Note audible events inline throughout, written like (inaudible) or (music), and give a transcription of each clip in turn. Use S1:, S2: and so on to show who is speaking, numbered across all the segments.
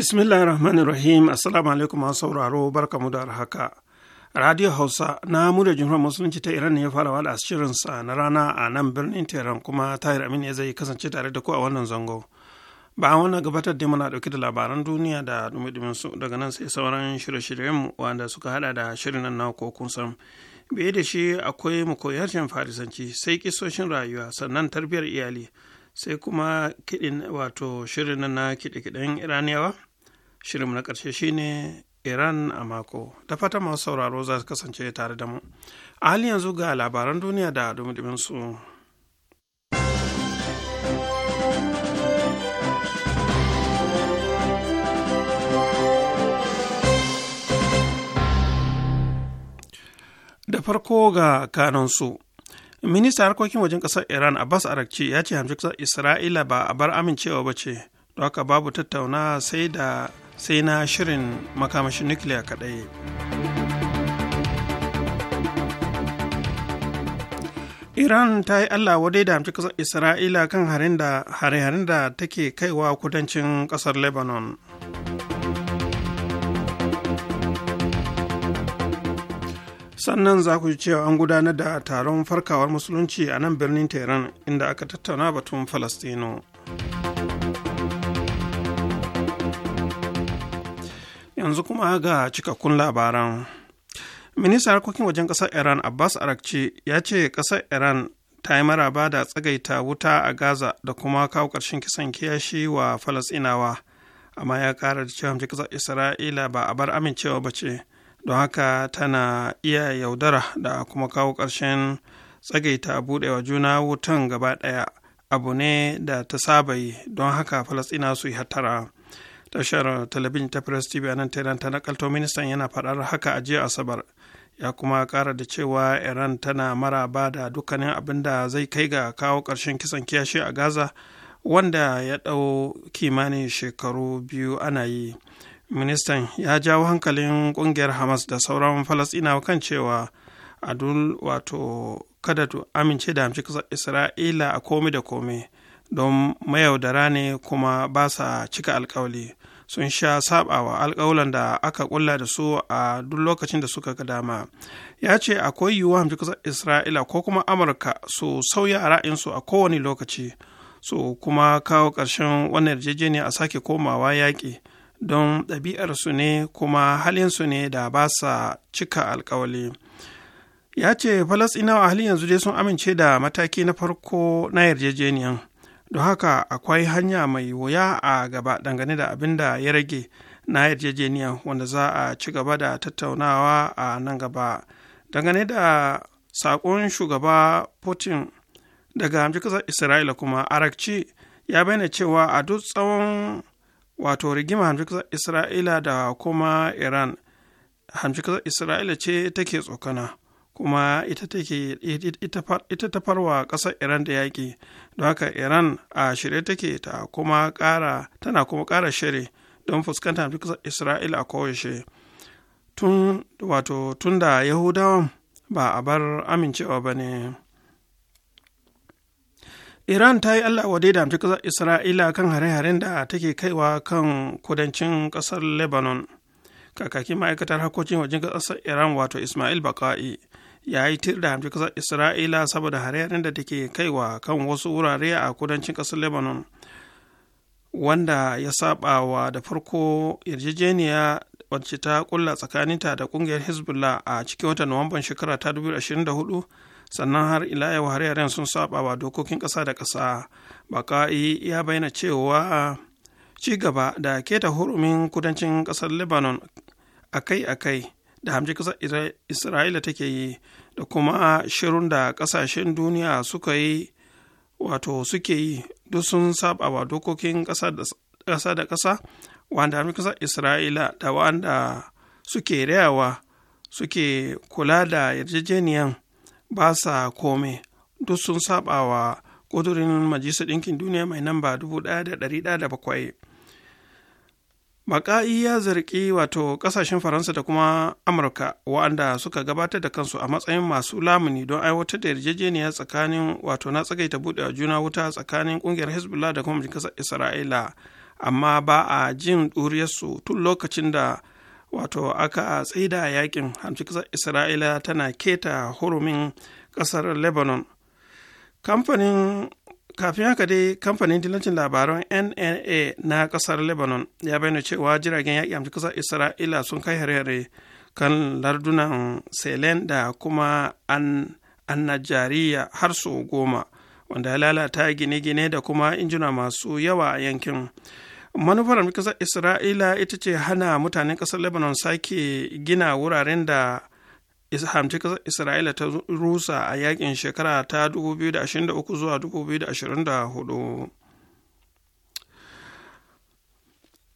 S1: bismillahir rahmanir rahim assalamu alaikum masu sauraro mu da haka radio hausa na murya jumhuriyar musulunci ta iran ne ya fara wada shirinsa na rana a nan birnin tehran kuma tahir amin ya zai kasance tare da ku a wannan zango ba wannan gabatar da muna dauke da labaran duniya da dumi su daga nan sai sauran shirye-shiryen mu wanda suka hada da shirin nan na kun san biye da shi akwai mu koyarshen farisanci sai kisoshin rayuwa sannan tarbiyar iyali sai kuma kiɗin wato shirin na kiɗe-kiɗen iraniyawa shirinmu na ƙarshe shine iran a mako da fata masu sauraro za su kasance tare da mu a hali yanzu ga labaran duniya da dumudumin su da farko ga kanansu minista harkokin wajen ƙasar iran abbas arakci ya ce hamshin isra'ila ba a bar amincewa ba ce don haka babu tattauna sai da sai na shirin makamashin nukiliya kaɗai. iran ta yi allah wadai da hamci kasar isra'ila kan hare-haren da take kaiwa kudancin kasar lebanon sannan za ku ji cewa an gudanar da taron farkawar musulunci a nan birnin tehran inda aka tattauna batun falastino. yanzu kuma ga cikakkun labaran ministan harkokin wajen ƙasar iran abbas arakci ya ce ƙasar iran ta yi maraba da tsagaita wuta a gaza da kuma kawo ƙarshen kisan kiyashi wa falasinawa amma ya ƙara da cewa ƙasar isra'ila ba a bar amincewa ba ce don haka tana iya yaudara da kuma kawo ƙarshen tsagaita buɗewa juna wutan gaba ɗaya abu ne da ta saba yi don haka falasina su yi hattara tashar talabijin ta press tv a nan tehran ta nakalto ministan yana faɗar haka a jiya asabar ya kuma kara da cewa iran tana maraba da dukkanin abin da zai kai ga kawo karshen kisan kiyashi a gaza wanda ya ɗau kimanin shekaru biyu ana yi ministan ya jawo hankalin ƙungiyar hamas da sauran falasɗinawa kan cewa adul wato kada tu amince da hamshi isra'ila a komi da komi don mayaudara ne kuma ba sa cika alkawali sun sha sabawa alkawalan da aka ƙulla da su a duk lokacin da suka ga dama ya ce akwai yiwuwa hamshi kasar isra'ila ko kuma amurka su sauya ra'ayinsu a kowane lokaci su kuma kawo ƙarshen wannan yarjejeniya a sake komawa yaƙi don ɗabi'arsu ne kuma halinsu ne da ba sa cika alkawali ya ce falasɗinawa halin yanzu dai sun amince da mataki na farko na yarjejeniyan don haka akwai hanya mai wuya a gaba dangane da abin da ya rage na yarjejeniya wanda za a ci gaba da tattaunawa a nan gaba dangane da saƙon shugaba putin daga hamji isra'ila kuma arakci ya bayyana cewa a duk tsawon wato rigima hamji isra'ila da kuma iran hamji isra'ila ce take tsokana kuma ita ta farwa ƙasar iran da yaƙi haka iran a shirye take ta kuma kara tana kuma kara shiri don fuskantar isra'ila a koyaushe tun wato tun da yahudawan ba a bar amincewa ba ne iran ta yi allah wadai da amfika isra'ila kan hare-haren da take kaiwa kan kudancin kasar lebanon kakakin ma'aikatar harkokin wajen ƙasar iran wato ismail baka'i ya yi tir da hamshin ƙasar isra'ila saboda hare-haren da take kaiwa kan wasu wurare a kudancin kasar lebanon wanda ya saba wa da farko yarjejeniya wacce ta kulla tsakaninta da kungiyar hezbollah a cikin watan nuwamban shekara ta 2024 sannan har ila yau hare sun saba wa dokokin ƙasa da ƙasa baka'i ya bayyana cewa ci gaba da keta hurumin kudancin ƙasar lebanon akai-akai da hamji kasar isra'ila take yi da kuma shirin da kasashen duniya suka yi wato suke yi duk sun saba wa dokokin ƙasa da ƙasa wanda hamji kasar isra'ila da wanda suke rayawa suke kula da yarjejeniyan ba sa kome duk sun saba wa ƙudurin majalisar ɗinkin duniya mai namba 1107 Maƙa'i ya zargi wato ƙasashen Faransa da kuma Amurka waɗanda suka gabatar da kansu a matsayin masu lamuni don aiwatar da yarjejeniya tsakanin wato na tsagaita buɗe juna wuta tsakanin ƙungiyar Hezbollah da kuma ƙasar Isra'ila amma ba a jin ɗuriyarsu tun lokacin da wato aka tsaida yakin hamsin ƙasar Isra'ila tana keta hurumin ƙasar Lebanon. Kamfanin kafin haka dai kamfanin dillancin labaran nna na kasar lebanon ya bayyana cewa jiragen yaƙi amshi kasar isra'ila sun kai hare-hare kan lardunan selen da kuma an annajariya har su goma wanda ya lalata gine-gine da kuma injina masu yawa a yankin manufar kasar isra'ila ita ce hana mutanen kasar lebanon sake gina wuraren da hamci ƙasar Isra'ila ta rusa a yakin shekara ta 2023 zuwa 2024.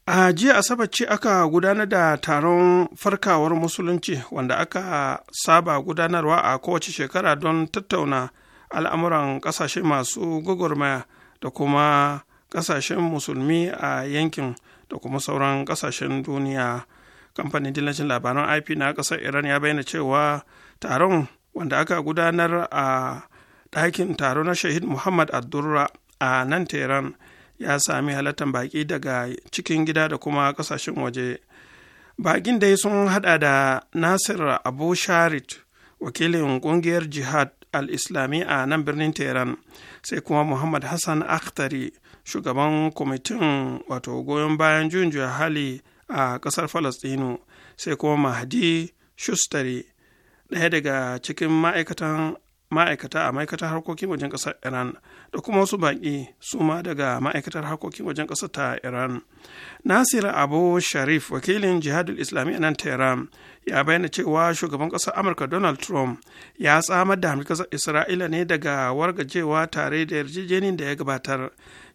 S1: A jiya Asabar ce aka gudanar da taron farkawar musulunci wanda aka saba gudanarwa a kowace shekara don tattauna al'amuran ƙasashe masu gwagwarmaya da kuma ƙasashen musulmi a yankin da kuma sauran ƙasashen duniya. kamfanin dillacin labaran ip na kasar iran ya bayyana cewa taron wanda aka gudanar a dakin taro na shahid muhammad abdurra a nan tehran ya sami halartar baƙi daga cikin gida da kuma ƙasashen waje baƙin dai sun hada da nasir abu sharit wakilin ƙungiyar jihad al-islami a nan birnin teran sai kuma muhammad hassan akhtari shugaban kwamitin wato goyon bayan juyin hali a ƙasar falastinu sai kuma Mahadi shustari ɗaya daga cikin ma'aikatan ma'aikata a ma'aikatar harkokin wajen ƙasar iran da kuma wasu baƙi su ma daga ma'aikatar harkokin wajen ƙasar ta iran nasir abu sharif wakilin jihadul islami a nan tehran ya bayyana cewa shugaban ƙasar amurka donald trump ya tsamar da hamdi ƙasar isra'ila ne daga wargajewa tare da yarjejeniyar da ya gabatar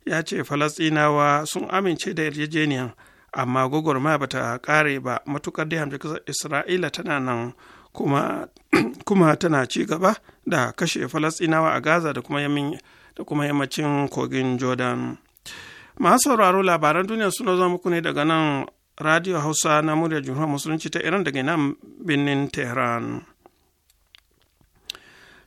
S1: ya ce falasɗinawa sun amince da yarjejeniyar amma gwagwarmaya ba ta kare ba matukar dai hamshe isra'ila tana nan (clears throat) kuma, tana ci gaba da kashe falastinawa a gaza da kuma yamin da kuma yammacin kogin jordan masu sauraro labaran duniya suna zama muku ne daga nan radio hausa na murya jamhuriyar musulunci ta iran daga nan birnin tehran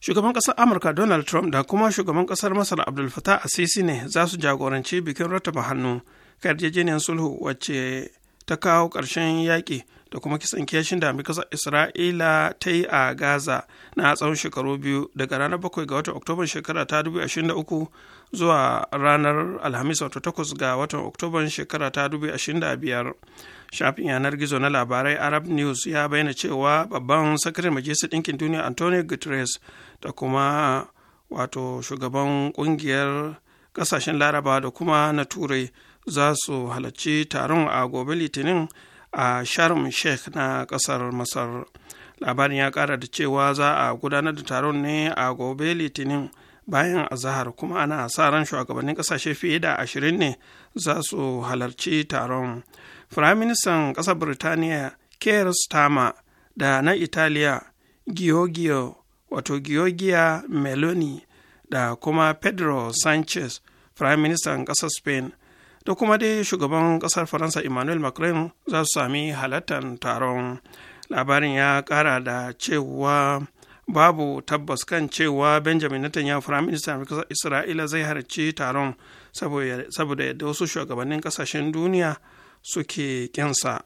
S1: shugaban ƙasar amurka donald trump da kuma shugaban ƙasar masar abdul fatah sisi ne za su jagoranci bikin rattaba hannu yarjejeniyar sulhu wacce ta kawo ƙarshen yaƙi da kuma kisan kiyashin da amurka isra'ila ta yi a gaza na tsawon shekaru biyu daga ranar 7 ga watan oktoban shekara ta 2023 zuwa ranar alhamis wato 8 ga watan oktoban shekara ta 2025 shafin yanar gizo na labarai arab news ya bayyana cewa babban sakarin majalisar ɗinkin duniya antonio guterres da kuma wato shugaban ƙungiyar ƙasashen larabawa da kuma na turai za su halarci taron a gobe litinin a sharm sheikh na ƙasar masar labarin ya ƙara da cewa za a gudanar da taron ne a gobe litinin bayan azahar kuma ana sa ran shugabannin ƙasashe fiye da ashirin ne za su halarci taron firaministan ƙasar birtaniya keir starmer da na italiya giorgio wato giorgia meloni da kuma pedro sanchez firaministan ƙasar spain da kuma dai shugaban kasar faransa emmanuel macron za su sami halartar taron labarin ya kara da cewa babu tabbas kan cewa benjamin netanyahu prime minister kasar isra'ila zai harci taron saboda yadda wasu shugabannin kasashen duniya suke kinsa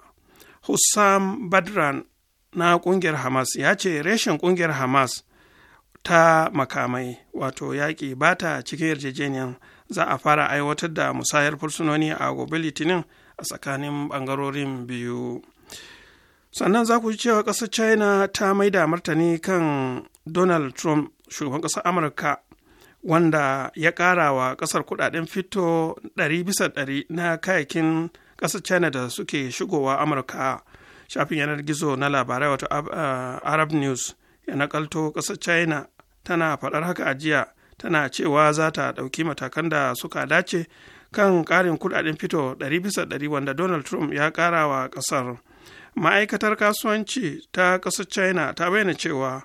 S1: hussam badran na kungiyar hamas ya ce reshen kungiyar hamas ta makamai wato yaƙi ba ta cikin yarjejeniyar za a fara aiwatar da musayar fursunoni a gobe litinin a tsakanin bangarorin biyu sannan za ku ji cewa ƙasar china ta maida martani kan donald trump shugaban ƙasar amurka wanda ya ƙara wa ƙasar kuɗaɗen fito 100 100 na kayakin ƙasar china da suke shigowa amurka shafin yanar gizo na labarai wato uh, arab news ya nakalto ƙasar china tana faɗar haka a jiya tana cewa za ta ɗauki matakan da suka dace kan ƙarin kuɗaɗen fito 100 bisa 100 wanda donald trump ya ƙara wa ƙasar ma'aikatar kasuwanci ta ƙasar china ta bayyana cewa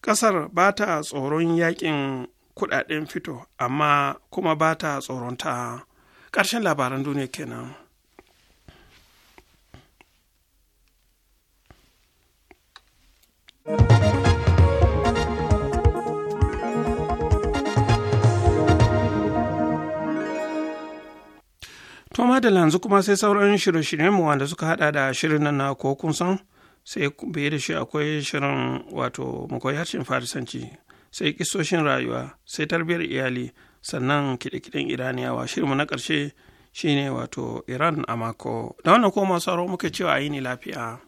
S1: ƙasar ba ta tsoron yaƙin kuɗaɗen fito amma kuma ba ta tsoronta ƙarshen labaran duniya kenan. thank you To madalla yanzu kuma sai sauran shirye-shiryenmu wanda suka hada da shirin nan na ko kun san sai biye da shi akwai shirin wato makoyi harshen farisanci sai kisoshin rayuwa sai tarbiyyar iyali sannan kiɗe-kiɗen iraniyawa shirinmu na ƙarshe shine wato iran a mako da wannan ko masu sauro muka cewa yi ni lafiya.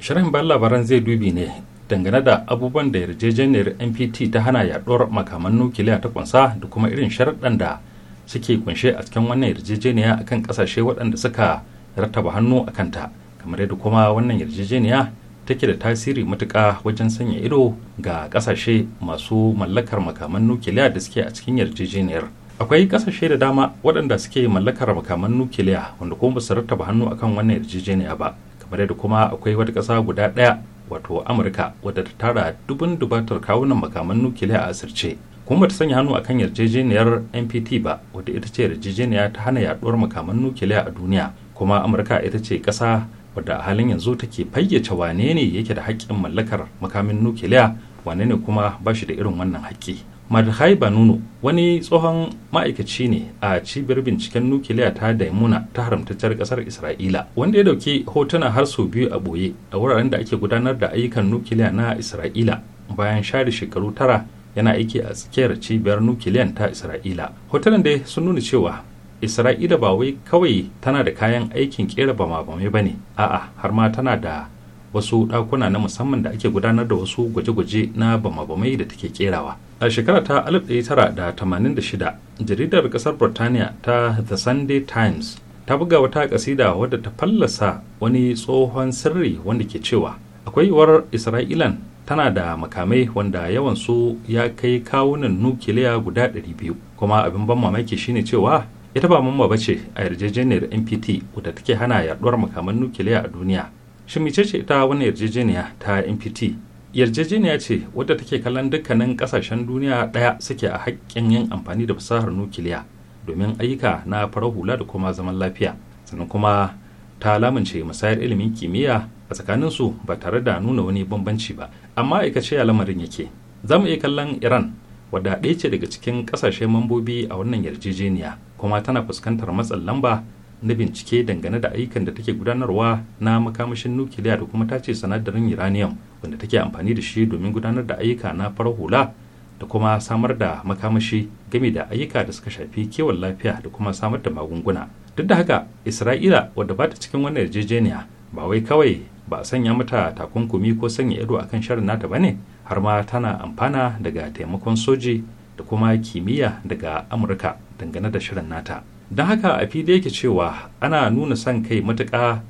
S2: Shirin ban labaran zai dubi ne dangane da abubuwan da yarjejeniyar npt ta hana yaduwar makaman nukiliya ta kunsa da kuma irin sharaɗan da suke kunshe a cikin wannan yarjejeniya akan kasashe waɗanda suka rattaba hannu a kanta kamar yadda kuma wannan yarjejeniya take da tasiri matuƙa wajen sanya ido ga kasashe masu mallakar makaman nukiliya da suke a cikin yarjejeniyar akwai kasashe da dama waɗanda suke mallakar makaman nukiliya wanda kuma ba su rattaba hannu akan wannan yarjejeniya ba kamar yadda kuma akwai wata ƙasa guda ɗaya wato amurka wadda ta tara dubin dubatar kawunan makaman nukiliya a asirce kuma ta sanya hannu akan yarjejeniyar npt ba wadda ita ce yarjejeniya ta hana yaduwar makaman nukiliya a duniya kuma amurka ita ce kasa wadda a halin yanzu take fayyace wane ne yake da haƙƙin mallakar makamin nukiliya wane ne kuma ba shi da irin wannan haƙƙi madhai banunu wani tsohon ma'aikaci ne a cibiyar binciken nukiliya ta daimuna ta haramtacciyar kasar isra'ila wanda ya dauki hotuna har sau biyu a boye a wuraren da ake gudanar da ayyukan nukiliya na isra'ila bayan share shekaru tara yana aiki a tsakiyar cibiyar nukiliyan ta isra'ila hotunan dai sun nuna cewa isra'ila ba wai kawai tana da kayan aikin kera bama bame ba ne a'a har ma tana da wasu ɗakuna na musamman da ake gudanar da wasu gwaje-gwaje na bama-bamai da take kerawa a shekara ta 1986 jaridar kasar burtaniya ta the sunday times ta buga wata kasida wadda ta fallasa wani tsohon sirri wanda ke cewa akwai war isra'ilan tana da makamai wanda yawansu ya kai kawunan nukiliya guda 200 kuma abin ban mamaki shine cewa ita ba mamba bace a yarjejeniyar npt wadda take hana yaduwar makaman nukiliya a duniya shi ce ita wani yarjejeniya ta npt yarjejeniya ce wadda take kallon dukkanin kasashen duniya daya suke a haƙƙin yin amfani da fasahar nukiliya domin ayyuka na farar hula da kuma zaman lafiya sannan kuma ta lamunce musayar ilimin kimiyya a tsakanin su ba tare da nuna wani bambanci ba amma aikace ce lamarin yake za mu iya kallon iran wadda ɗaya ce daga cikin ƙasashe mambobi a wannan yarjejeniya kuma tana fuskantar matsin lamba na bincike dangane da ayyukan da take gudanarwa na makamashin nukiliya da kuma tace sanadarin uranium wanda take amfani da shi domin gudanar da ayyuka na farar hula da kuma samar da makamashi game da ayyuka da suka shafi kiwon lafiya da kuma samar da magunguna duk da haka isra'ila wadda ba ta cikin wannan yarjejeniya ba wai kawai ba a sanya mata takunkumi ko sanya ido akan shirin nata ba ne har ma tana amfana daga taimakon soji da kuma kimiyya daga amurka dangane da shirin nata don haka a fili yake cewa ana nuna son kai matuka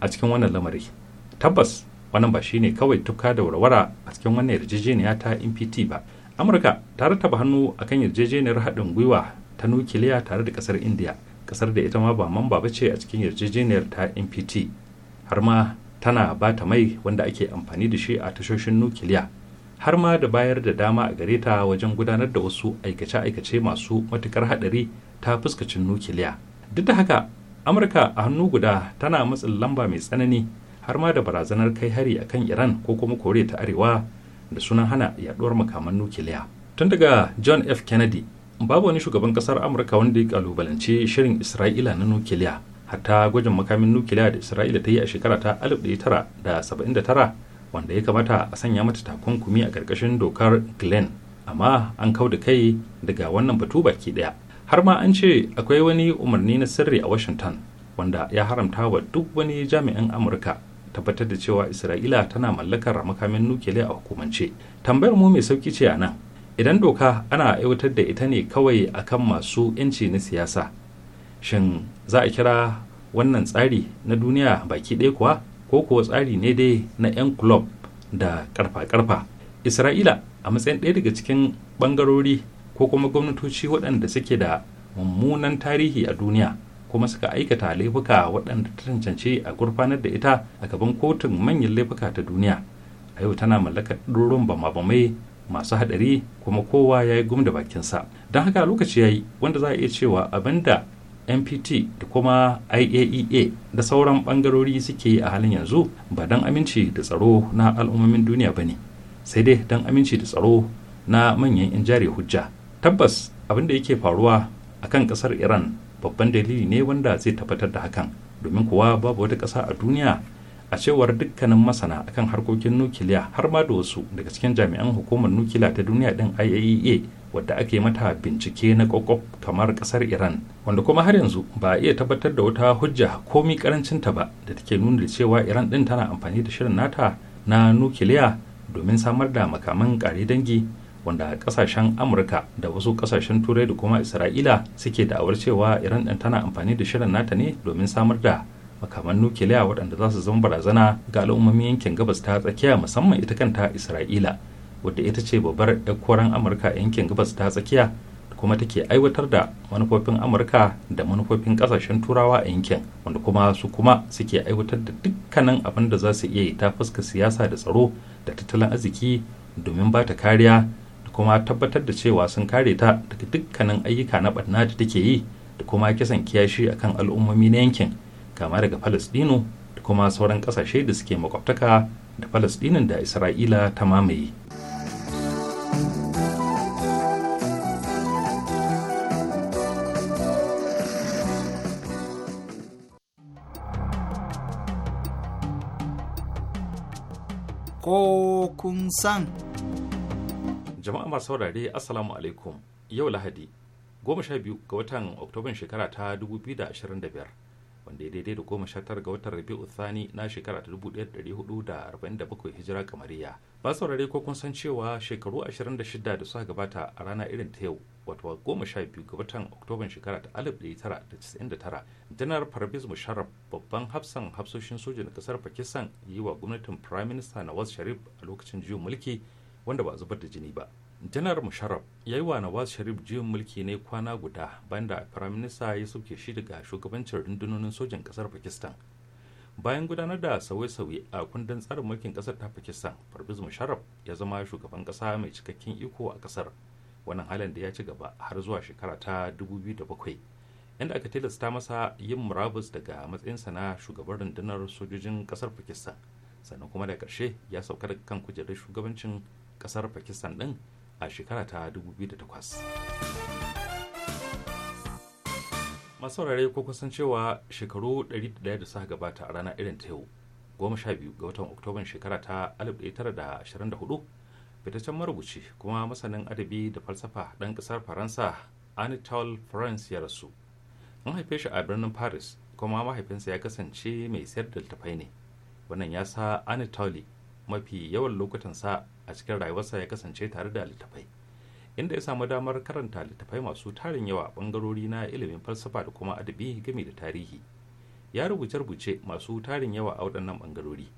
S2: a cikin wannan lamari tabbas wannan ba shi ne kawai tuka da warwara a cikin wannan yarjejeniya ta npt ba amurka ta rattaba hannu a kan yarjejeniyar haɗin gwiwa ta nukiliya tare da ƙasar india ƙasar da ita ma ba mamba ba ce a cikin yarjejeniyar ta npt har ma tana ba ta mai wanda ake amfani da shi a tashoshin nukiliya har ma da bayar da dama a gare ta wajen gudanar da wasu aikace-aikace masu matukar haɗari ta fuskacin nukiliya duk da haka amurka a hannu guda tana matsin lamba mai tsanani har ma da barazanar kai hari akan iran ko kuma kore ta arewa da sunan hana yaduwar makaman nukiliya tun daga john f kennedy babu wani shugaban kasar amurka wanda ya kalubalance shirin isra'ila na nukiliya hatta gwajin makamin nukiliya da isra'ila ta yi a shekara ta 1979 wanda ya kamata a sanya mata takunkumi a ƙarƙashin dokar glenn amma an kau da kai daga wannan batu baki ɗaya har ma an ce akwai wani umarni na sirri a washington wanda ya haramta wa duk wani jami'in amurka tabbatar da cewa isra'ila tana mallakar makamin nukiliya a hukumance tambayar mu mai sauki ce a nan idan doka ana aiwatar da ita ne kawai a kan masu 'yanci na siyasa shin za a kira wannan tsari na duniya baki ɗaya kuwa ko kuwa tsari ne dai na 'yan kulob da karfa-karfa isra'ila a matsayin ɗaya daga cikin ɓangarori ko kuma gwamnatoci waɗanda suke da mummunan tarihi a duniya kuma suka aikata laifuka waɗanda ta cancanci a gurfanar da ita a gaban kotun manyan laifuka ta duniya a yau tana mallakar ɗorin bama-bamai masu haɗari kuma kowa ya yi gum da bakinsa don haka lokaci ya yi wanda za a iya cewa abin da npt da kuma iaea e da sauran bangarori suke yi a halin yanzu ba don aminci da tsaro na al'ummomin duniya ba ne sai dai don aminci da tsaro na manyan 'yan jari hujja tabbas abin da yake faruwa a kan kasar iran babban dalili ne wanda zai tabbatar da hakan domin kuwa babu wata ƙasa a duniya a cewar dukkanin masana akan harkokin nukiliya har ma da wasu daga cikin jami'an hukumar nukiliya ta duniya din iaea e wadda yi mata bincike na kokop kamar kasar iran wanda kuma har yanzu ba a iya tabbatar da wata hujja komi ta ba da take nuna da cewa iran din tana amfani da shirin nata na nukiliya domin samar da makaman kare dangi wanda kasashen amurka da wasu kasashen turai da kuma isra'ila suke da'awar cewa iran ɗin tana amfani da shirin nata ne domin samar da makaman nukiliya waɗanda za su zama barazana ga al'ummomin yankin gabas ta tsakiya musamman ita kanta isra'ila wadda ita ce babbar yakkoran amurka yankin gabas ta tsakiya da kuma take aiwatar da manufofin amurka da manufofin kasashen turawa a yankin wanda kuma su kuma suke aiwatar da dukkanin abin da za su iya yi ta fuska siyasa da tsaro da tattalin arziki domin ba ta kariya kuma tabbatar da cewa sun kare ta daga dukkanin ayyuka na barna da take yi da kuma kisan kiyashi a kan al'ummomi na yankin kama daga Falasɗinu, da kuma sauran kasashe da suke makwabtaka da falasdinin da isra'ila ta mamaye
S3: ko kun san
S2: jama'a masu saurare assalamu alaikum yau lahadi goma sha biyu ga watan oktoban shekara ta 2025 wanda ya daidai da goma sha ga watan rabi'u thani na shekara ta 1447 hijira kamariya ba saurare ko kun san cewa shekaru 26 da suka gabata a rana irin ta yau wato goma sha biyu ga watan oktoban shekara ta 1999 janar parviz musharraf babban hafsan hafsoshin soja na kasar pakistan yi wa gwamnatin prime minister nawaz sharif a lokacin juyin mulki wanda ba zubar da jini ba janar musharraf ya yi wa nawaz sharif juyin mulki ne kwana guda bayan da firaminista ya sauke shi daga shugabancin rundunonin sojan kasar pakistan bayan gudanar da sauye-sauye a kundin tsarin mulkin kasar ta pakistan farbis musharraf ya zama shugaban kasa mai cikakken iko a kasar wannan halin da ya ci gaba har zuwa shekara ta 2007 inda aka tilasta masa yin murabus daga matsayinsa na shugaban rundunar sojojin kasar pakistan sannan kuma da karshe ya sauka daga kan kujerar shugabancin kasar pakistan din a shekara ta 2008 masu ko kusan cewa shekaru 101 da suka gabata a ranar irin ta yau goma sha biyu ga watan oktoban shekara ta 1924 fitaccen marubuci kuma masanin adabi da falsafa ɗan ƙasar faransa anatole france ya rasu an haife shi a birnin paris kuma mahaifinsa ya kasance mai sayar da littafai ne wannan ya sa anatole mafi yawan lokutansa a cikin rayuwarsa ya kasance tare da littafai inda ya samu damar karanta littafai masu tarin yawa a bangarori na ilimin falsafa da kuma adabi game da tarihi ya rubuce rubuce masu tarin yawa a waɗannan bangarori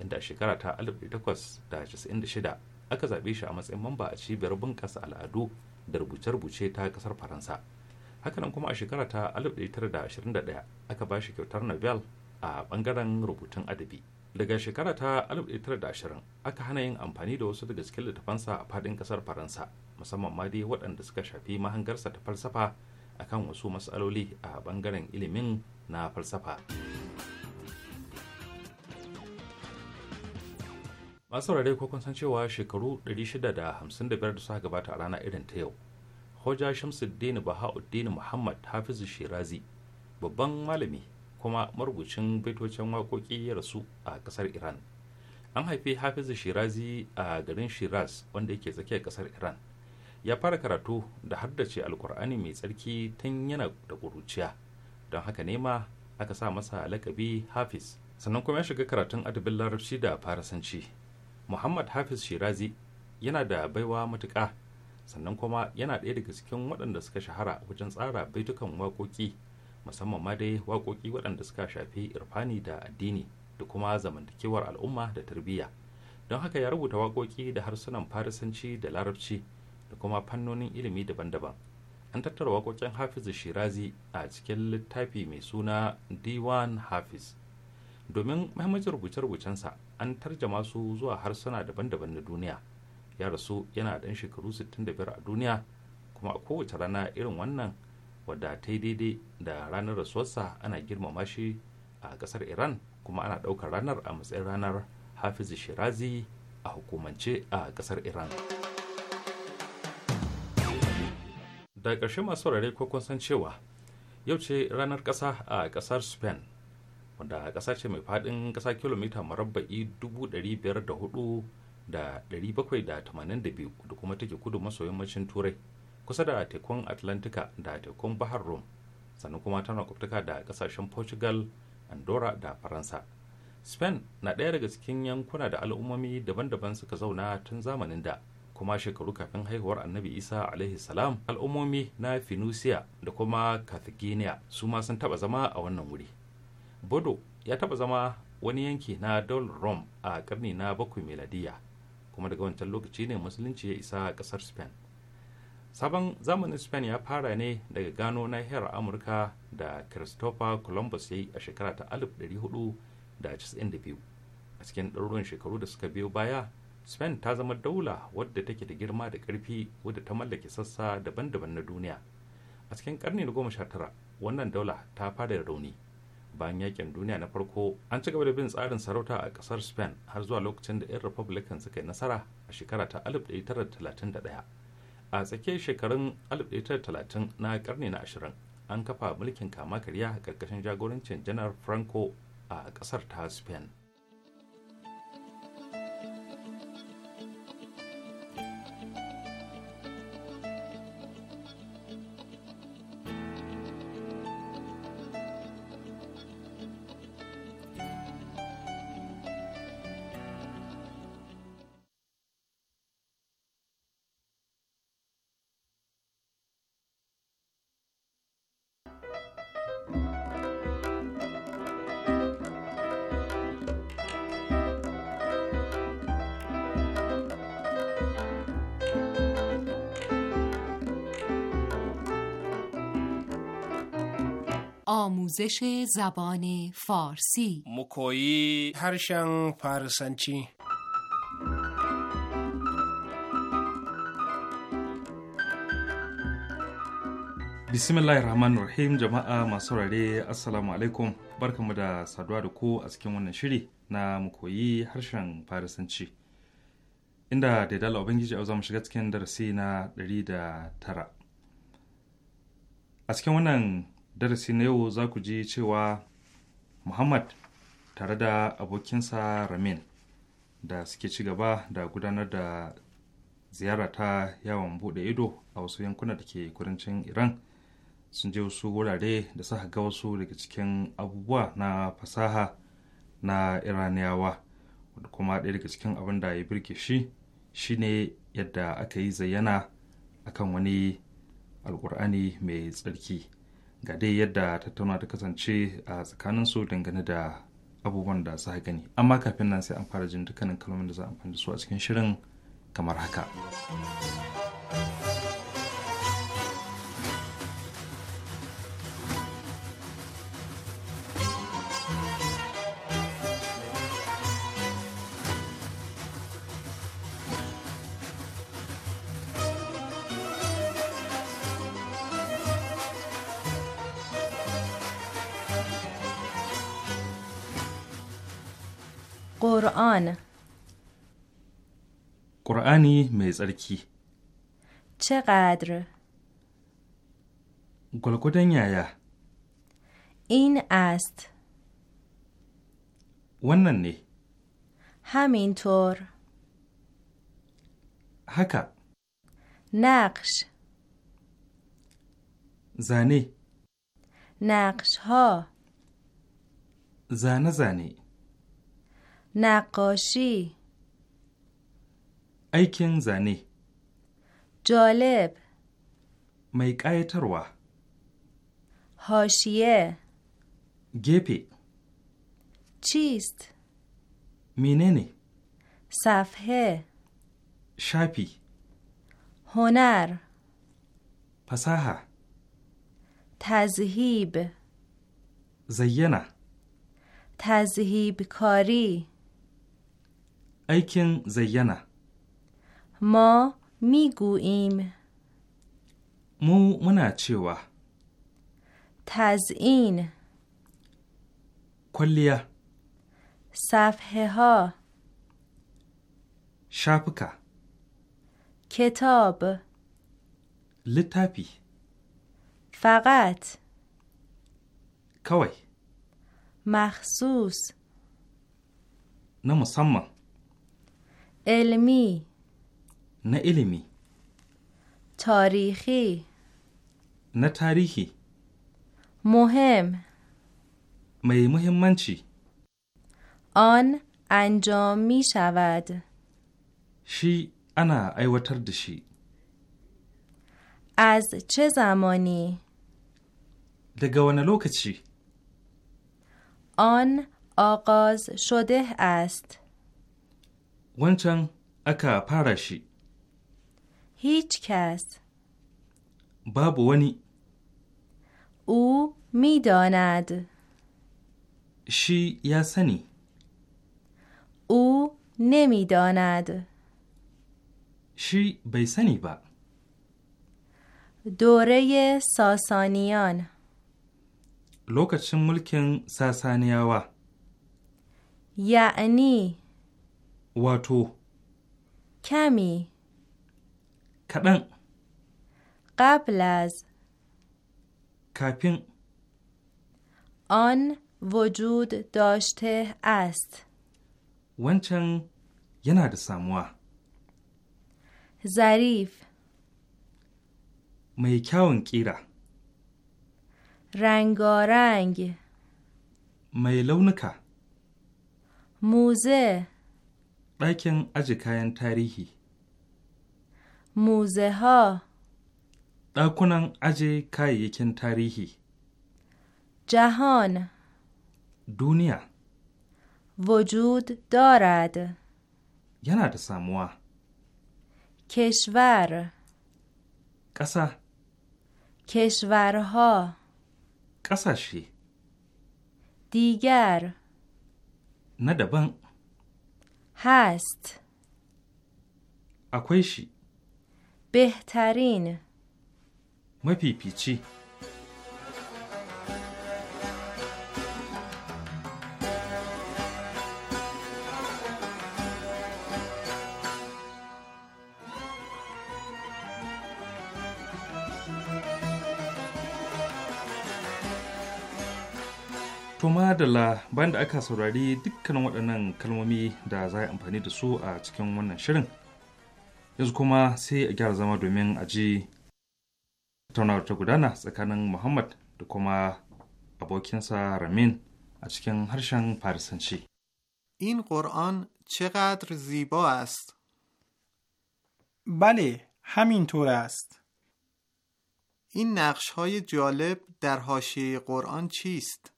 S2: inda shekara ta 1896 aka zaɓe shi a matsayin mamba a cibiyar bunƙasa al'adu da rubuce-rubuce ta ƙasar faransa hakanan kuma a shekara ta 1921 aka ba shi kyautar nobel a bangaren rubutun adabi daga shekara ta 1920 aka hana yin amfani da wasu daga cikin littafansa a fadin kasar faransa musamman ma dai waɗanda suka shafi mahangarsa ta falsafa akan wasu matsaloli a bangaren ilimin na falsafa masu rarai ko san cewa shekaru 655 da suka gabata a rana irin ta yau hoja shamsuddin bahauddin muhammad hafizu shirazi babban malami kuma marubucin baitocin waƙoƙi ya rasu a ƙasar iran an haifi hafizu shirazi a garin shiraz wanda yake tsakiyar ƙasar iran ya fara karatu da haddace alkur'ani mai tsarki tun yana da ƙuruciya don haka ne ma aka sa masa lakabi hafiz sannan kuma ya shiga karatun adabin larabci da farasanci muhammad hafiz shirazi yana da baiwa matuƙa sannan kuma yana ɗaya daga cikin waɗanda suka shahara wajen tsara baitukan waƙoƙi musamman ma dai waƙoƙi waɗanda suka shafi irfani da addini da kuma zamantakewar al'umma da tarbiyya don haka ya rubuta waƙoƙi da harsunan farisanci da larabci da kuma fannonin ilimi daban-daban an tattara waƙoƙin hafiz shirazi a cikin littafi mai suna diwan hafiz domin mahimmancin rubuce-rubucensa an tarjama su zuwa harsuna daban-daban na duniya ya rasu yana ɗan shekaru 65 a duniya kuma a kowace rana irin wannan wadda ta yi daidai da ranar rasuwarsa ana girmama shi a kasar iran kuma ana ɗaukar ranar a matsayin ranar hafiz shirazi a hukumance a kasar iran da ƙarshe masu rare ko kun san cewa yau ce ranar ƙasa a ƙasar spain wanda ƙasa ce mai faɗin ƙasa kilomita marabba'i 504 da 782 da kuma take kudu maso yammacin turai kusa da tekun atlantika da tekun bahar rum sannan kuma tana kwaftuka da kasashen portugal andorra da faransa spain na ɗaya daga cikin yankuna da al'ummomi daban-daban suka zauna tun zamanin da kuma shekaru kafin haihuwar annabi isa alaihi salam al'ummomi na finusia da kuma carthaginia su ma sun taba zama a wannan wuri bodo ya taba zama wani yanki na daular rome a karni na bakwai meladiya kuma daga wancan lokaci ne musulunci ya isa ƙasar spain sabon zamanin spain ya fara ne daga gano nahiyar amurka da christopher columbus ya yi a shekara ta 1492 a cikin ɗaruruwan shekaru da suka biyo baya spain ta zama daula wadda take da girma da ƙarfi wadda ta mallake sassa daban-daban na duniya a cikin ƙarni na goma sha tara wannan daula ta fara da rauni bayan yakin duniya na farko an ci gaba da bin tsarin sarauta a ƙasar spain har zuwa lokacin da 'yan republican suka yi nasara a shekara ta 1931 a tsakiyar shekarun 1930 na karni na 20 an kafa mulkin kama karya a ƙarƙashin jagorancin janar franco a ƙasar ta spain
S4: آموزش زبان فارسی
S5: مکویی هرشن فارسنچی
S2: bismillahir rahmanir rahim jama'a masu saurare assalamu alaikum barkamu da saduwa da ko a cikin wannan shiri na mu koyi harshen farisanci inda da dala ubangiji a mu shiga cikin darasi na 109 a cikin wannan darasi na yau za ku ji cewa muhammad tare da abokinsa ramin da suke ci gaba da gudanar da ziyara ta yawon bude ido a wasu yankuna da ke kudancin iran sun je wasu wurare da suka ga wasu daga cikin abubuwa na fasaha na iraniyawa wadda kuma ɗaya daga cikin abin da ya birke shi shine yadda aka yi zayyana akan wani alkur'ani mai tsarki ga dai yadda tattauna ta kasance a tsakanin su dangane da abubuwan da za gani amma kafin nan sai an fara jin dukkanin kalmomin da za a amfani da su a cikin shirin kamar haka. آن قرآنی می tsarki
S4: چقدر
S2: گلگدن یایا
S4: این است wannan همین همینطور هک؟ نقش زانه نقش ها
S2: زانه زانه
S4: نقاشی
S2: ایکن زنی،
S4: جالب
S2: می ƙayatarwa
S4: حاشیه چیست میننی صفحه شاپی هنر پساها تذهیب زینه تزهیب کاری
S2: ایکن زینا
S4: ما میگوییم
S2: مو منا چیوا
S4: تزئین کلیه صفحه ها شبکه کتاب
S2: لتاپی
S4: فقط کوی مخصوص نه علمی
S2: نه علمی
S4: تاریخی
S2: نه تاریخی
S4: مهم
S2: می مهم من چی؟
S4: آن انجام می شود
S2: شی انا ایوتر دشی
S4: از چه زمانی؟
S2: دگوانلوک چی؟
S4: آن آغاز شده است
S2: wancan aka fara shi.
S4: Hitch kas.
S2: Babu wani.
S4: U mi donad.
S2: Shi ya sani.
S4: U ne mi donad.
S2: Shi bai sani ba.
S4: Dore sasaniyan.
S2: Lokacin mulkin sasaniyawa.
S4: Ya'ani. واتو کمی کدن قبل از کپین آن وجود داشته است
S2: ونچن ینا د ساموا
S4: ظریف
S2: می کیرا
S4: رنگارنگ می موزه
S2: ɗakin aji kayan tarihi
S4: Muzeho.
S2: ɗakunan aje kayayyakin tarihi
S4: jahan Duniya. vujud dorad.
S2: yana da samuwa
S4: کشور ƙasa کشورها
S2: ƙasashe
S4: Digar. na daban هست اکویشی بهترین
S2: مپیپیچی madalla bayan da aka saurari dukkanin waɗannan kalmomi da za a amfani da su a cikin wannan shirin yanzu kuma sai a gyara zama domin a ji taunawar ta gudana tsakanin muhammad da kuma abokinsa ramin a cikin harshen farisanci
S6: In ƙor'on چقدر زیبا است بله همینطور است این نقش های جالب در حاشیه قرآن چیست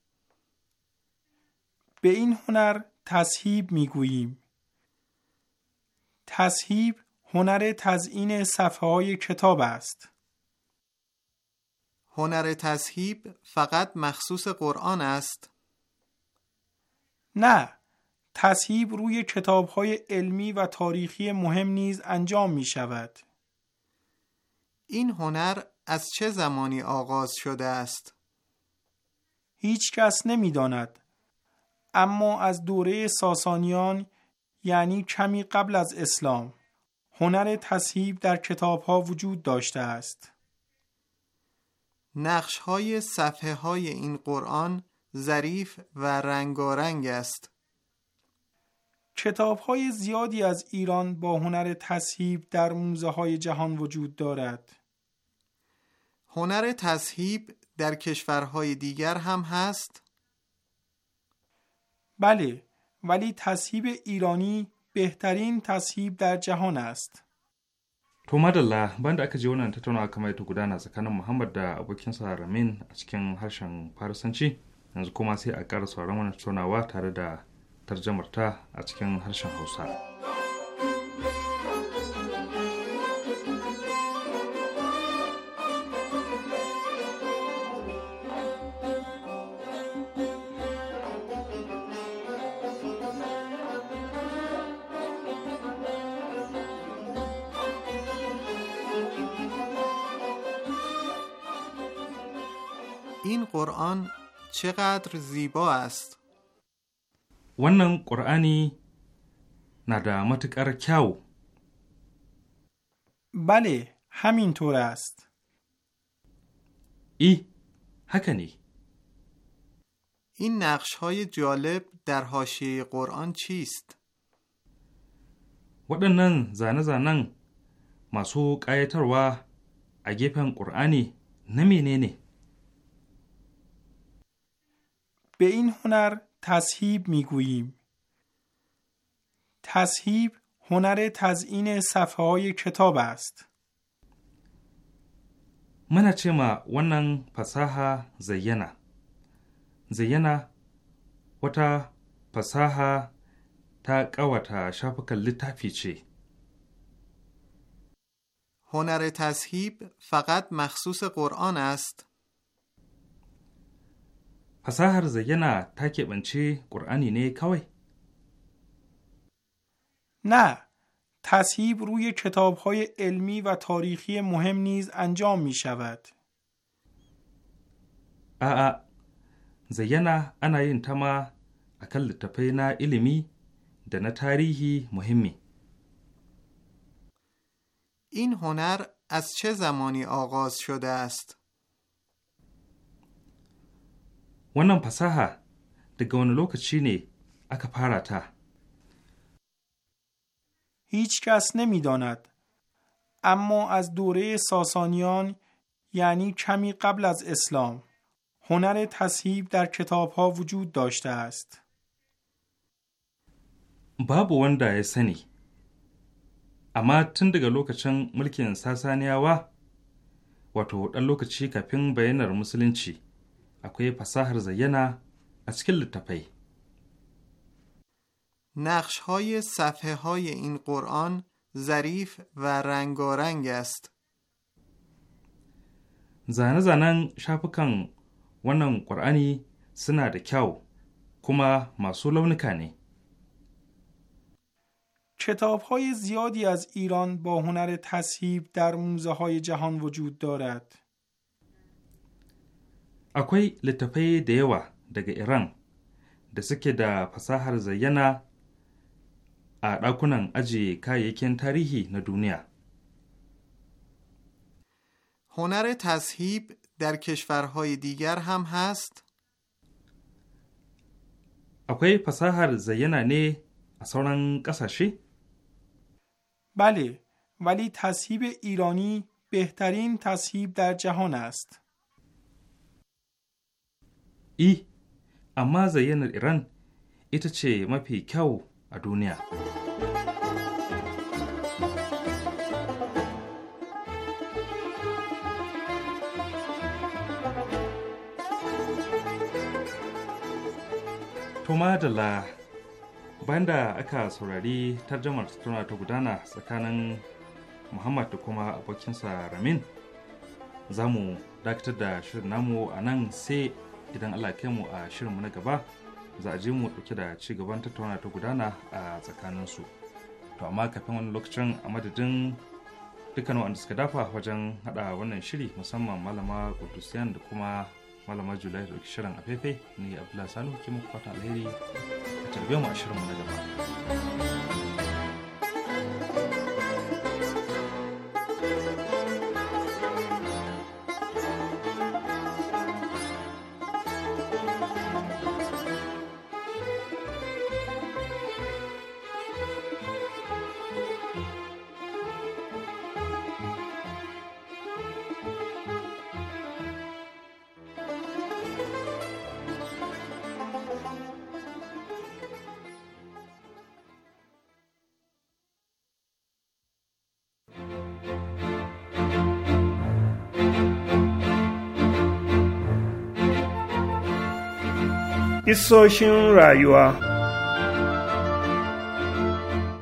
S6: به این هنر تصهیب
S7: میگوییم تصهیب هنر تزئین صفحه
S6: های کتاب است هنر تصهیب فقط مخصوص قرآن است نه تصهیب
S7: روی کتاب های علمی و تاریخی مهم نیز انجام می شود
S6: این هنر از چه زمانی آغاز شده است؟ هیچ کس نمی داند. اما از دوره ساسانیان
S7: یعنی کمی قبل از اسلام هنر تصحیب در کتاب
S6: ها وجود داشته است نقش های صفحه های این قرآن ظریف و رنگارنگ است
S7: کتاب های زیادی از ایران با هنر تصحیب در موزه های جهان
S6: وجود دارد هنر تصحیب در کشورهای دیگر هم هست بله ولی تصهیب
S7: ایرانی بهترین تصهیب در جهان است
S2: To madalla banda aka je wannan tattaunawa kamar ta gudana tsakanin Muhammad da abokinsa Ramin a cikin harshen Farisanci yanzu kuma sai a ƙara sauran wannan tattaunawa tare da tarjamarta a cikin harshen Hausa.
S6: چقدر زیبا است ونن قرآنی
S2: ندامت کرکاو
S6: بله همین طور است ای هکنی این نقش های جالب در حاشیه قرآن چیست؟
S2: ودنن زانه زانن مسوق و اگه پن قرآنی نمینینه به این هنر تصهیب میگوییم
S7: تصهیب هنر تزئین صفحه های کتاب است
S2: من چما ونن فساحه زینا زینا وتا فساحه تا قوتا شفکل لتافی
S6: هنر تصهیب فقط مخصوص قرآن است
S2: پس هر ضیه نه تک قرآنی کوی نه، تصیب روی کتاب علمی و
S7: تاریخی مهم نیز انجام می شود.
S2: آ ض تما ا این انتم علمی د نه تاریحی مهمی.
S6: این هنر از چه زمانی آغاز شده است؟
S2: wannan fasaha daga wani lokaci ne aka fara ta هیچ کس نمی داند. اما
S7: از دوره ساسانیان یعنی کمی قبل از اسلام هنر تصحیب در کتاب ها وجود داشته است.
S2: باب وندا سنی اما تن daga lokacin mulkin Sasaniyawa wato dan lokaci kafin bayyanar musulunci akwai fasahar zayyana a cikin littafai.
S6: نقش های صفحه های این قرآن ظریف و رنگارنگ است.
S2: زنه زنن شافکان ونن قرآنی سنا ده کیاو kuma masu لونکانی.
S7: کتاب های زیادی از ایران با هنر تصحیب در موزه های جهان وجود دارد.
S2: akwai littafai da yawa daga iran da suke da fasahar zayyana a ɗakunan ajiye kayayyakin tarihi na duniya
S6: honar tashib dar keshwarhay digar ham hast
S2: akwai fasahar zayyana ne a sauran ƙasashe bale wali tashib
S7: irani
S2: behtarin tashib dar jahan ast E, amma zayyanar Iran ita ce mafi kyau a duniya. Tumadala da aka saurari tarjamar tattauna ta gudana tsakanin Muhammad da kuma abokinsa Ramin, za mu dakatar da shirin namu a nan sai idan allah kai mu a shirinmu na gaba za a je mu dauke da ci gaban tattauna ta gudana a tsakanin su to amma kafin wani lokacin a madadin dukkan wanda suka dafa wajen hada wannan shiri musamman malama kudusiyan da kuma malama julai da shirin a fefe ne abdullahi sanu ke muku fata alheri a tarbe mu a shirinmu na gaba
S1: Kissoshin rayuwa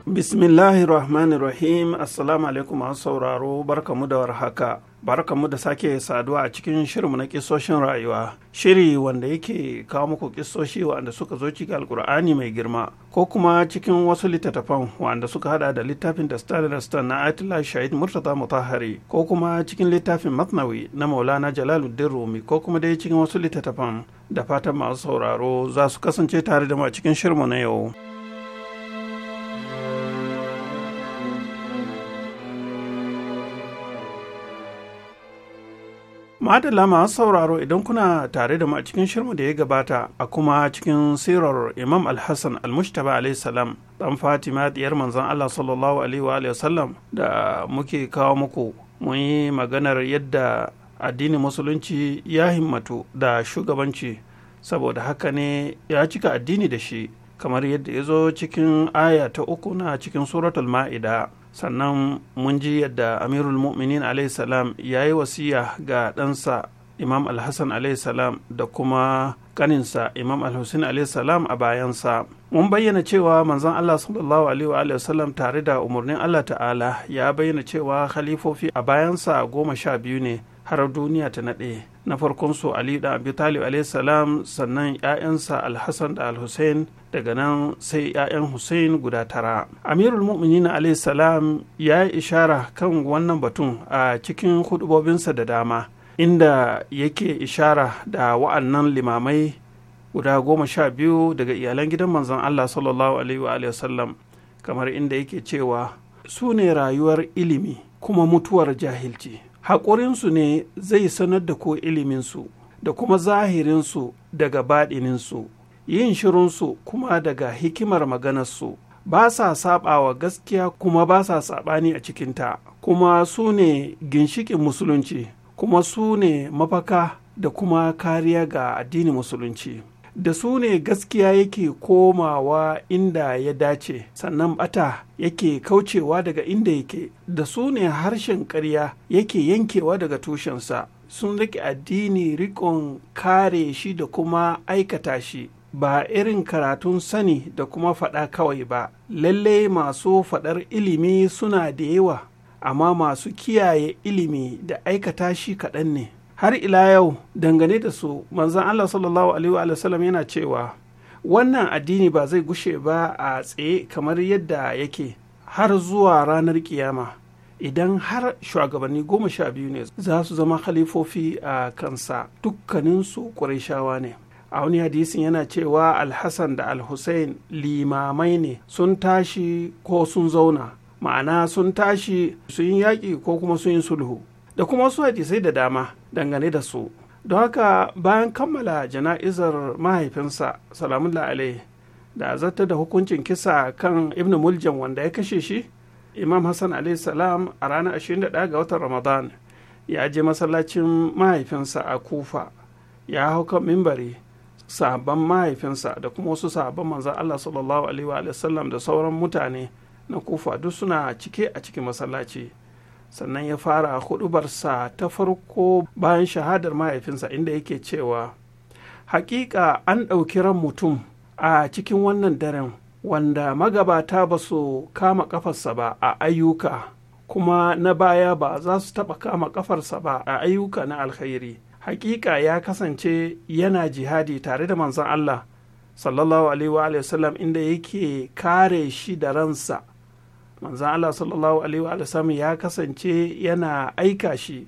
S1: Bismillahirrahmanirrahim Assalamu alaikum masu sauraro barkamu da warhaka. barkanmu da sake saduwa a cikin shirinmu na kisoshin rayuwa shiri wanda yake kawo muku kisoshi wanda suka zo cikin alkur'ani mai girma ko kuma cikin wasu littattafan wanda suka hada da littafin da star da na atila shahid murtaza mutahari ko kuma cikin littafin matnawi na maulana jalaluddin rumi ko kuma dai cikin wasu littattafan da fatan masu sauraro za su kasance tare da mu a cikin shirinmu na yau. madalla masu sauraro idan kuna tare da mu a cikin shirmu da ya gabata a kuma cikin sirar imam al almushtaba alayhi salam dan fatima diyar manzon allah sallallahu alaihi wa sallam da muke kawo muku mun yi maganar yadda addinin musulunci ya himmatu da shugabanci saboda haka ne ya cika addini da shi kamar yadda ya zo cikin aya ta uku na cikin suratul ma'ida sannan mun ji yadda amirul mu'minin salam ya yi wasiya ga ɗansa imam alhassan salam da kuma ƙaninsa imam alhussein salam a bayansa mun bayyana cewa manzon allah sallallahu alaihi wasallam tare da umarnin allah ta'ala ya bayyana cewa khalifofi a bayansa goma sha biyu ne har duniya ta naɗe na farkon su ali da abi talib salam sannan 'ya'yansa alhassan da alhussein daga nan sai 'ya'yan hussein guda tara amirul mu'minin salam ya yi ishara kan wannan batun a cikin hudubobinsa da dama inda yake ishara da wa'annan limamai guda goma sha biyu daga iyalan gidan manzon allah sallallahu alaihi wa sallam kamar inda yake cewa su ne rayuwar ilimi kuma mutuwar jahilci haƙurinsu ne zai sanar da ko iliminsu da kuma zahirinsu daga baɗininsu yin shirinsu kuma daga hikimar maganarsu ba sa saɓa wa gaskiya kuma ba sa saɓani a cikinta kuma su ne ginshikin musulunci kuma su ne mafaka da kuma kariya ga addinin musulunci da su ne gaskiya yake komawa inda ya dace sannan bata yake kaucewa daga inda yake da su ne harshen ƙarya yake yankewa daga tushensa sun riƙe addini rikon kare shi da kuma aikata shi ba irin karatun sani da kuma faɗa kawai ba lalle masu faɗar ilimi suna da yawa amma masu kiyaye ilimi da aikata shi kaɗan ne har ila yau dangane da su manzan allah sallallahu alaihi wa sallam yana cewa wannan addini ba zai gushe ba a tsaye kamar yadda yake har zuwa ranar kiyama idan har shugabanni goma sha biyu ne za su zama khalifofi a kansa dukkaninsu ƙurashawa ne a wani hadisin yana cewa alhassan da alhussein limamai ne sun tashi ko sun zauna ma'ana sun tashi sun yi yaƙi ko kuma sun yi sulhu da kuma wasu hadisai da dama dangane da su don haka bayan kammala jana'izar mahaifinsa salamullah alaihi da zata da hukuncin kisa kan ibn muljan wanda ya kashe shi imam hassan alaihi salam a ranar 21 ga watan ramadan ya je masallacin mahaifinsa a kufa ya hau kan mimbari sabon mahaifinsa da kuma wasu sabon manzan allah sallallahu alaihi wa sallam da sauran mutane na kufa duk suna cike a cikin masallaci sannan ya fara hudubarsa ta farko bayan shahadar mahaifinsa inda yake cewa hakika an ɗauki ran mutum a cikin wannan daren wanda magabata ba su kama kafarsa ba a ayyuka kuma na baya ba za su taɓa kama kafarsa ba a ayyuka na alkhairi hakika ya kasance yana jihadi tare da manzon Allah sallallahu alaihi wa sallam inda yake kare shi da ransa manzan allah sallallahu alaihi wasallam ya kasance yana aika shi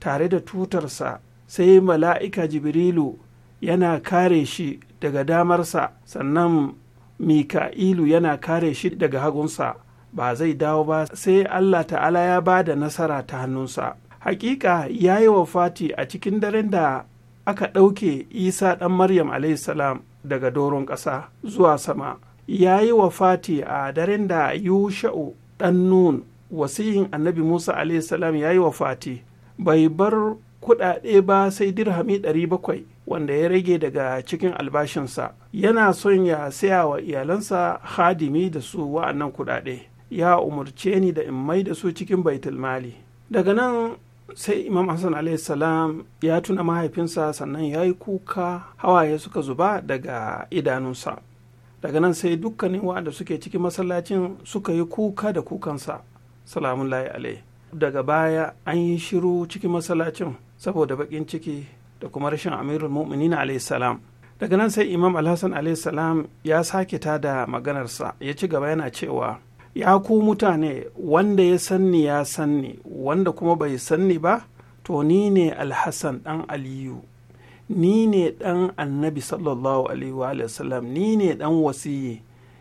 S1: tare da tutarsa sai mala'ika jibrilu yana kare shi daga damarsa sannan mika'ilu yana kare shi daga hagunsa ba zai dawo ba sai allah ta'ala ya ba da nasara ta hannunsa hakika ya yi wa fati a cikin daren da aka ɗauke isa ɗan maryam salam daga doron ƙasa zuwa sama ya yi wa fati a daren da yusha'u ɗan nun wasihin annabi musa salam ya yi wa fati bai bar kuɗaɗe ba sai dirhami ɗari bakwai wanda ya rage daga cikin albashinsa yana son ya saya wa iyalansa hadimi da su wa'annan kuɗaɗe ya umarce ni da in mai da su cikin baitulmali daga nan sai imam hassan salam ya tuna mahaifinsa sannan ya yi kuka hawaye suka zuba daga idanunsa daga nan sai dukkanin waɗanda suke cikin masallacin suka yi kuka da kukansa salamun layi alai daga baya an yi shiru cikin masallacin saboda baƙin ciki da kuma rashin amirul mu'minin salam daga nan sai imam alhassan salam ya sake ta da maganarsa ya ci gaba yana cewa ya ku mutane wanda ya sanni ya sanni wanda kuma bai sanni ba to ni ne alhassan dan aliyu ni ne ɗan annabi sallallahu alaihi wa sallam ni ne ɗan wasiyi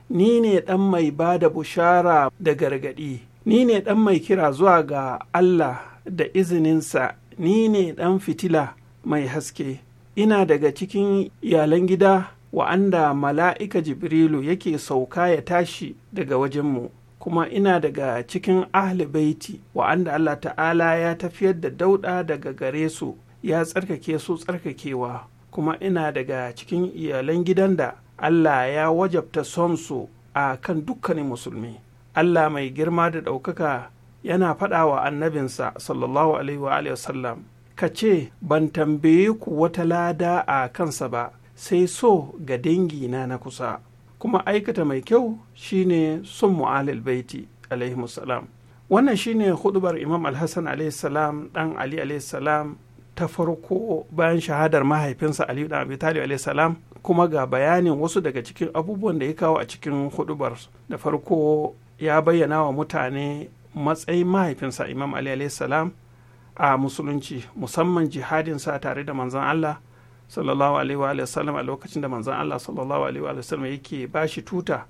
S1: ni ne ɗan mai ba da bushara da gargaɗi ni ne ɗan mai kira zuwa ga Allah da izininsa ni ne ɗan fitila mai haske ina daga cikin iyalan gida wa'anda mala'ika jibrilu yake sauka ya tashi daga wajenmu kuma ina daga cikin ahli baiti wa'anda Allah ta'ala ya tafiyar da dauɗa daga gare su ya tsarkake su tsarkakewa kuma ina daga cikin iyalan gidan da Allah ya wajabta son su a kan dukkanin musulmi Allah mai girma da ɗaukaka yana faɗa wa annabinsa sallallahu alaihi wa sallam ka ce ban tambaye ku wata lada a kansa ba sai so ga dangi na na kusa kuma aikata mai kyau shine son mu'alil baiti alaihi wannan shine hudubar imam alhassan alaihi salam dan ali alaihi salam ta farko bayan shahadar mahaifinsa aliyu da abi talib salam kuma ga bayanin wasu daga cikin abubuwan da ya kawo a cikin hudubar da farko ya bayyana wa mutane matsayin mahaifinsa imam ali salam a musulunci musamman jihadin sa tare da manzan allah sallallahu alaihi wa sallam a lokacin da manzan allah sallallahu alaihi wa sallam yake ba shi tuta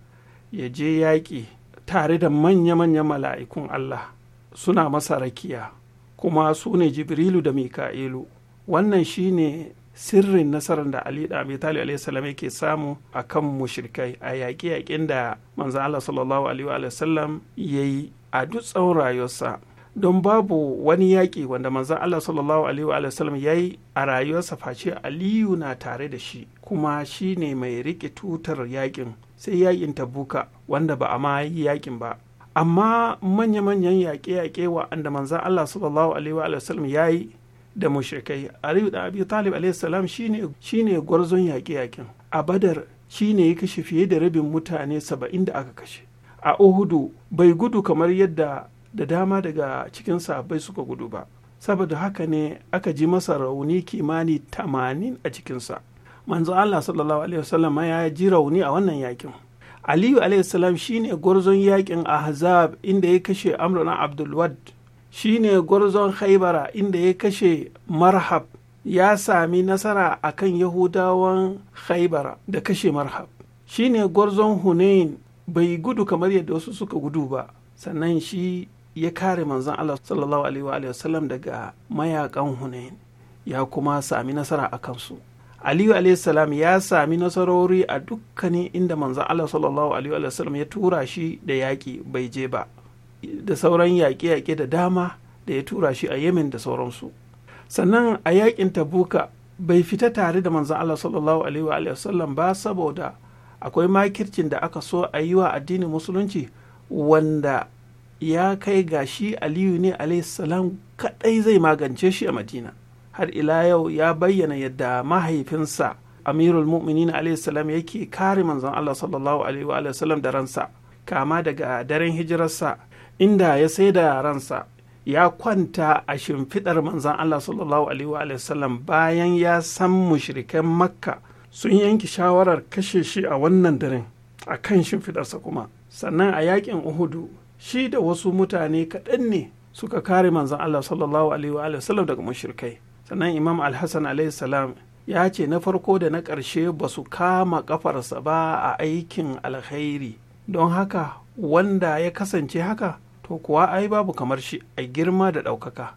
S1: ya je yaƙi tare da manya-manyan mala'ikun allah suna masa rakiya kuma su ne jibrilu da mika'ilu wannan shine sirrin nasarar da ali da abi talib salam yake samu a kan mushrikai a yaƙi-yaƙin da manzo allah sallallahu alaihi wa sallam ya yi a duk tsawon rayuwarsa don babu wani yaƙi wanda manzan Allah sallallahu alaihi wa sallam ya yi a rayuwarsa face Aliyu na tare da shi kuma shi ne mai riƙe tutar yaƙin sai yaƙin ta tabuka wanda ba a ma yi yaƙin ba amma manya-manyan yaƙe-yaƙe wa'anda manzan Allah sallallahu alaihi wa sallam ya yi da mushrikai Aliyu da Abi Talib alaihi salam shine gwarzon yaƙe-yaƙen a Badar shine ya kashe fiye da rabin mutane saba'in da aka kashe a Uhudu bai gudu kamar yadda da dama daga cikin sahabbai suka gudu ba saboda haka ne aka ji masa rauni kimani tamanin a cikinsa manzan Allah sallallahu alaihi sallam ya ji rauni a wannan yaƙin. aliyu alaihissalam ne gwarzon yakin ahzab inda ya kashe amrana na Shi ne gwarzon haibara inda ya kashe marhab ya sami nasara akan yahudawan haibara da kashe marhab Shi ne gwarzon hunain bai gudu kamar yadda wasu suka gudu ba sannan shi ya kare manzan allah sallallahu alaihi wa daga mayakan hunain ya kuma sami nasara a kansu aliyu alaihissalam ya sami nasarori a dukkanin inda manzan allah sallallahu alaihi wasallam ya tura shi da yaƙi bai je ba da sauran yaƙe-yaƙe da dama da ya tura shi a yemen da sauransu sannan a yaƙin tabuka bai fita tare da manzan allah sallallahu alaihi wasallam ba saboda akwai makircin da aka so a yi wa addinin musulunci wanda ya kai ga shi aliyu ne salam kadai zai magance shi a madina har ila yau ya bayyana yadda mahaifinsa amirul mu'minin alaihissalam yake kare manzon allah sallallahu alaihi wa sallam da ransa kama daga daren hijirarsa inda ya sai da ransa ya kwanta a shimfidar manzan Allah sallallahu alaihi wa sallam bayan ya san mushrikan makka sun yanke shawarar kashe shi a wannan daren a kan shimfidarsa kuma sannan a yakin uhudu shi da wasu mutane kaɗan ne suka kare manzan Allah sallallahu alaihi wa sallam daga mushrikai sannan imam alhassan salam ya ce na farko da na ƙarshe ba su kama ƙafarsa ba a aikin alkhairi don haka wanda ya kasance haka to kuwa ai babu kamar shi a girma da ɗaukaka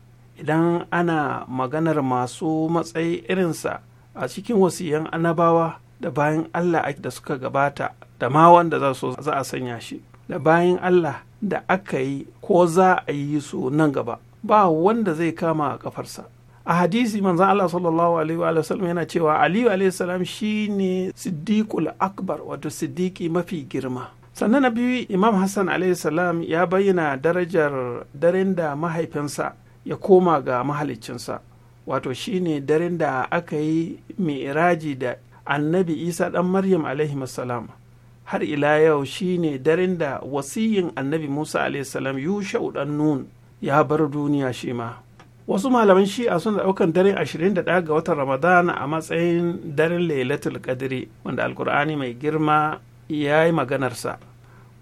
S1: idan ana maganar masu matsayi irinsa a cikin wasiyan annabawa da bayan allah da suka gabata da ma wanda za su za a sanya shi da bayan allah da aka yi ko za a yi su nan gaba ba wanda zai kama a ƙafarsa a hadisi manzan Allah sallallahu alaihi wa sallam yana cewa Aliyu alaihi salam ne siddiqul akbar wato siddiqi mafi girma sannan na biyu imam hassan alaihi salam ya bayyana darajar daren da mahaifinsa ya koma ga mahaliccinsa wato ne daren da aka yi mi'raji da annabi isa ɗan maryam alaihi salam har ila yau shi ne daren da wasiyin annabi musa alaihi salam yushau dan nun ya bar duniya shi ma wasu malaman shi'a suna daukan daren 21 ga watan ramadana a matsayin daren lailatul qadri wanda alkur'ani mai girma ya yi maganarsa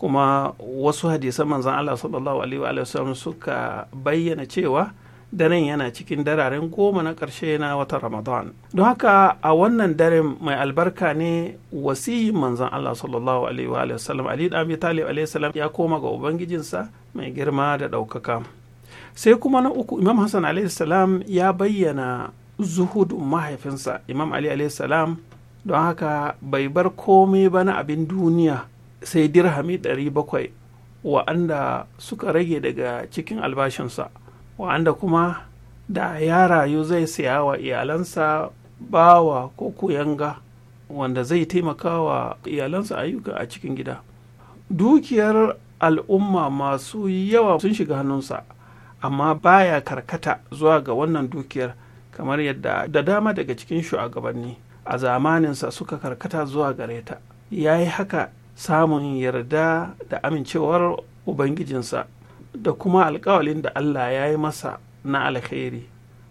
S1: kuma wasu hadisan manzan allah sallallahu alaihi wa suka bayyana cewa daren yana cikin dararen goma na ƙarshe na watan ramadan don haka a wannan daren mai albarka ne wasiyin manzan allah sallallahu alaihi wa ali ya koma ga ubangijinsa mai girma da ɗaukaka sai kuma na uku imam hassan alaihi ya bayyana zuhud mahaifinsa imam ali alaihi don haka bai bar komai ba na abin duniya sai dirhami 700 wa'anda suka rage daga cikin albashinsa wa'anda kuma da ya rayu zai saya wa iyalansa bawa ko kuyanga wanda zai taimaka wa iyalansa ayyuka a cikin gida dukiyar al'umma masu yawa sun shiga hannunsa amma baya karkata zuwa ga wannan dukiyar kamar yadda da dama daga cikin shugabanni a zamaninsa suka karkata zuwa gare ta ya yi haka samun yarda da amincewar ubangijinsa da kuma alkawalin da allah ya yi masa na alkhairi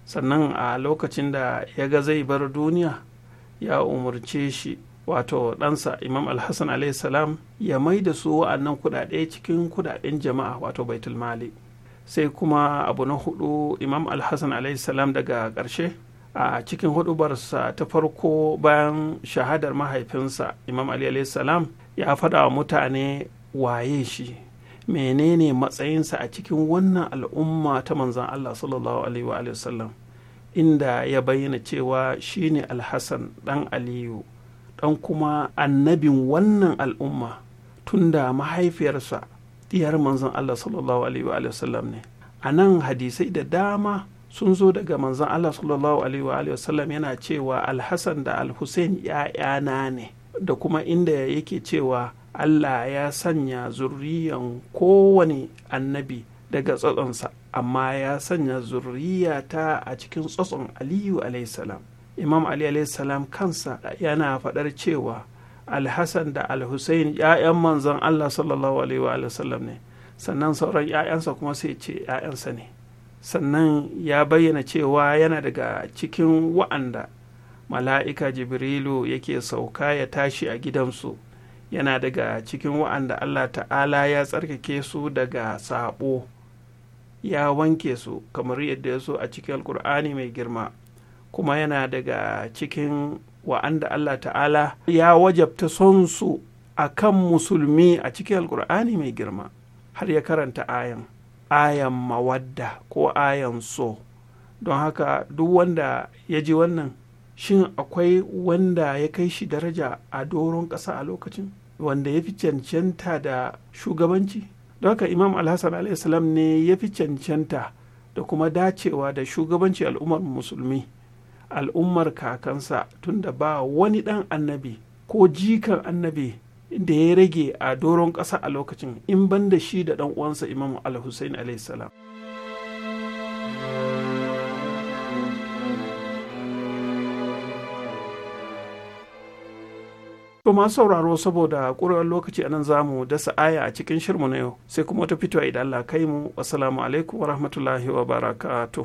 S1: sannan a lokacin da ya ga zai bar duniya ya umarce shi wato ɗansa imam alhassan salam ya mai da su wa'annan kudade cikin kudaden jama'a wato baitulmali sai kuma abu na hudu imam alhassan salam daga ƙarshe a cikin hudubarsa ta farko bayan shahadar mahaifinsa imam ali salam ya faɗa wa mutane waye shi menene matsayinsa a cikin wannan al'umma ta manzan allah sallallahu alaihi wa inda ya bayyana cewa shine alhassan ɗan aliyu ɗan kuma annabin wannan al'umma tunda mahaifiyarsa diyar manzon Allah sallallahu alaihi wa sallam ne a nan hadisai da dama sun zo daga manzon Allah sallallahu alaihi wa sallam yana cewa alhassan da alhussein ‘ya'yana ne da kuma inda yake cewa Allah ya sanya zurriyan kowane annabi daga tsatsonsa amma ya sanya zurriyata a cikin tsatson aliyu salam imam ali salam kansa yana faɗar cewa alhassan da alhussein ‘ya'yan manzon allah sallallahu alaihi wa sallam ne sannan sauran ‘ya'yansa kuma sai ce ‘ya'yansa ne sannan ya bayyana cewa yana daga cikin wa'anda mala'ika jibrilu yake sauka ya tashi a gidansu yana daga cikin wa'anda allah ta'ala ya tsarkake su daga saɓo ya wanke su kamar yadda ya so a cikin alkur'ani mai girma kuma yana daga cikin wa'anda Allah ta'ala ya wajabta son su a kan musulmi a cikin alkur'ani mai girma har ya karanta ayan ayan mawadda ko ayan so don haka duk wanda ya ji wannan shin akwai wanda ya kai shi daraja a doron ƙasa a lokacin wanda ya fi cancanta da shugabanci don haka imam alhassan salam ne ya fi cancanta da kuma dacewa da shugabanci al'ummar musulmi al'ummar kakansa tunda ba wani ɗan annabi ko jikan annabi da ya rage a doron ƙasa a lokacin in ban da shi da ɗan uwansa imam al-hussein salam. kuma sauraro saboda ƙurewar lokaci a nan zamu dasa aya a cikin shirmu na yau sai kuma ta fito idan Allah kai mu. wasalamu alaikum wa rahmatullahi wa barakatuh.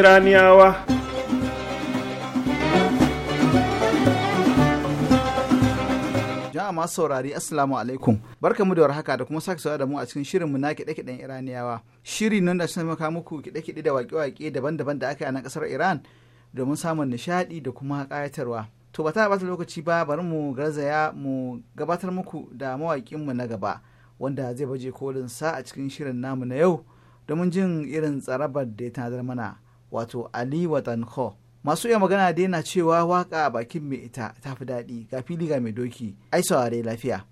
S1: iraniyawa
S3: jama'a saurari assalamu alaikum barkamu da warhaka da kuma sake da mu a cikin shirinmu na kiɗe-kiɗen iraniyawa shiri nan da shi maka muku kiɗe-kiɗe da waƙe-waƙe daban-daban da aka yi a nan ƙasar iran domin samun nishaɗi da kuma ƙayatarwa to ba ta ɓata lokaci ba bari mu garzaya mu gabatar muku da mawaƙinmu na gaba wanda zai baje kolin sa a cikin shirin namu na yau domin jin irin tsarabar da ya tanadar mana wato ali watanko masu iya magana dai na cewa waka a bakin mai ita ta fi daɗi ga fili ga mai doki ai saurare lafiya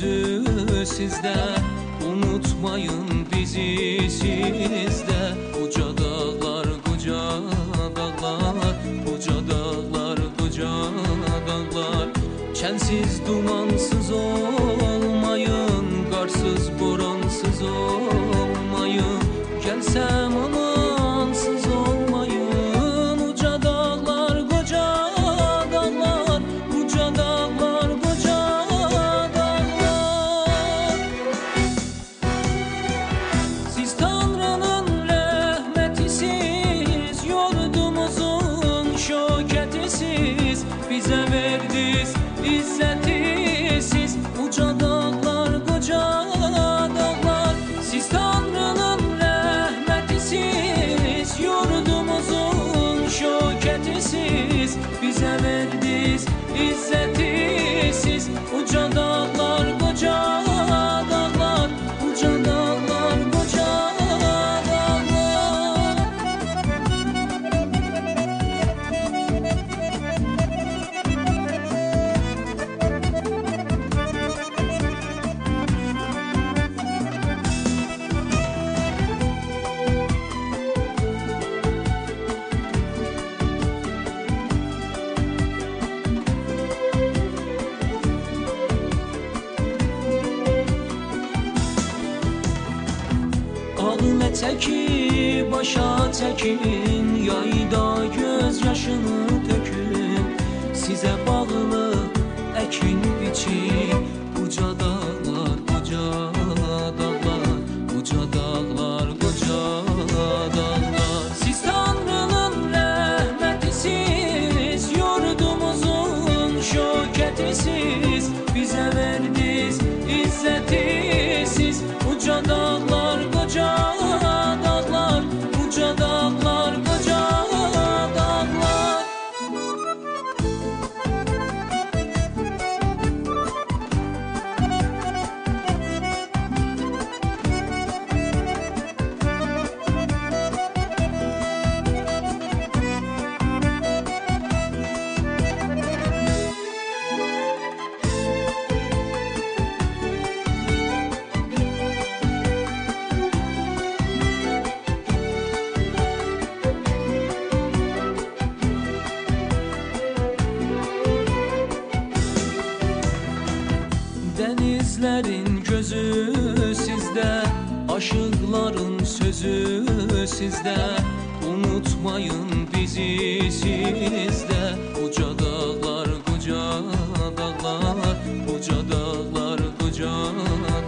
S8: sözü sizde Unutmayın bizi sizde Sevenlerin gözü sizde Aşıkların sözü sizde Unutmayın bizi sizde Uca dağlar kuca dağlar Uca dağlar kuca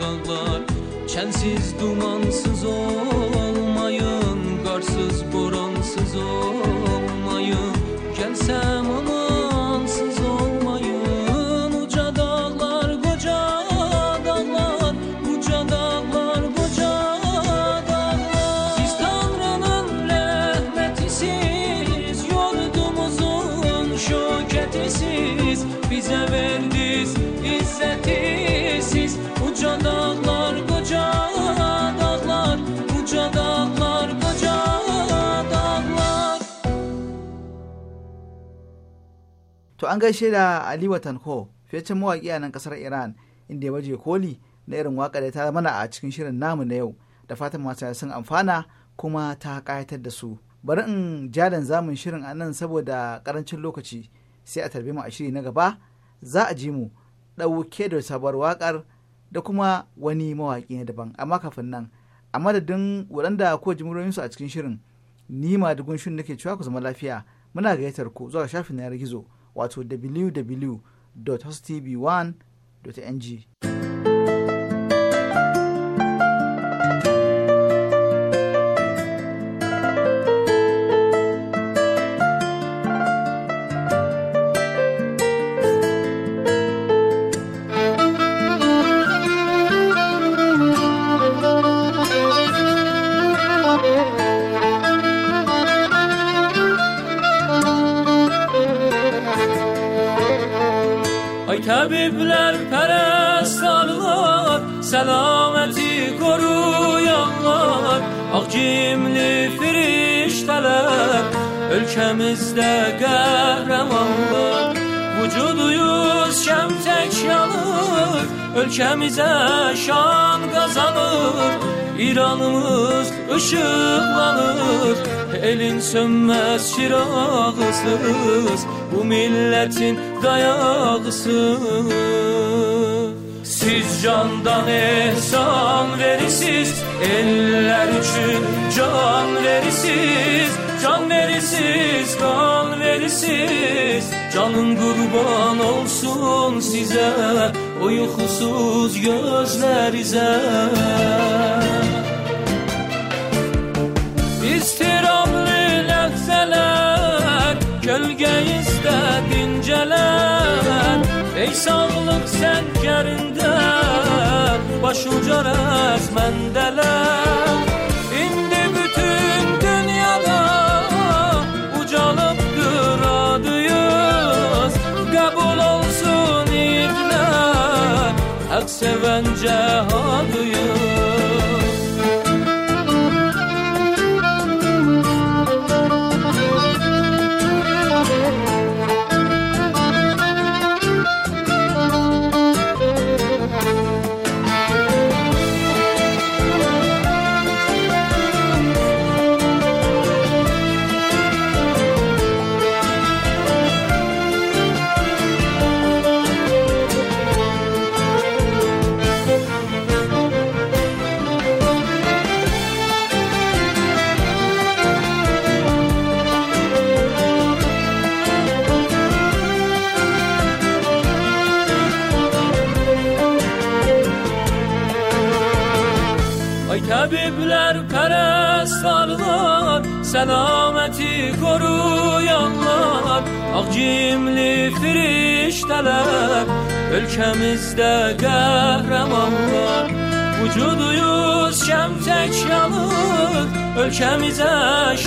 S8: dağlar Çensiz dumansız olmayın Garsız boransız olmayın Gel
S3: an gaishe da Ali Watanko, fiyaccen mawaƙi a nan ƙasar Iran, inda ya baje koli na irin waƙa da ta mana a cikin shirin namu na yau, da fatan masu sun amfana kuma ta ƙayatar da su. Bari in jadan zamun shirin a nan saboda ƙarancin lokaci, sai a tarbe mu a shiri na gaba, za a ji mu ɗauke da sabuwar waƙar da kuma wani mawaƙi na daban. Amma kafin nan, a madadin waɗanda ko su a cikin shirin, ni ma dugun shirin nake cewa ku zama lafiya. Muna gayyatar ku zuwa shafin na gizo wato www.hostv1.ng.
S8: Çevremizde kahramanlar Vücuduyuz şem tek yanır Ülkemize şan kazanır İranımız ışıklanır Elin sönmez çırağısız Bu milletin dayağısı Siz candan ehsan verisiz Eller için can verisiz Can verisiz, kan verisiz Canın kurban olsun size Uykusuz gözlerize İstirablı lehzeler Gölge istedi geceler Ey sağlık sen kerinde başucu resmendeler seven cehadıyım selameti koruyanlar Akcimli firişteler Ülkemizde kahramanlar Vücuduyuz şemtek yanır Ülkemize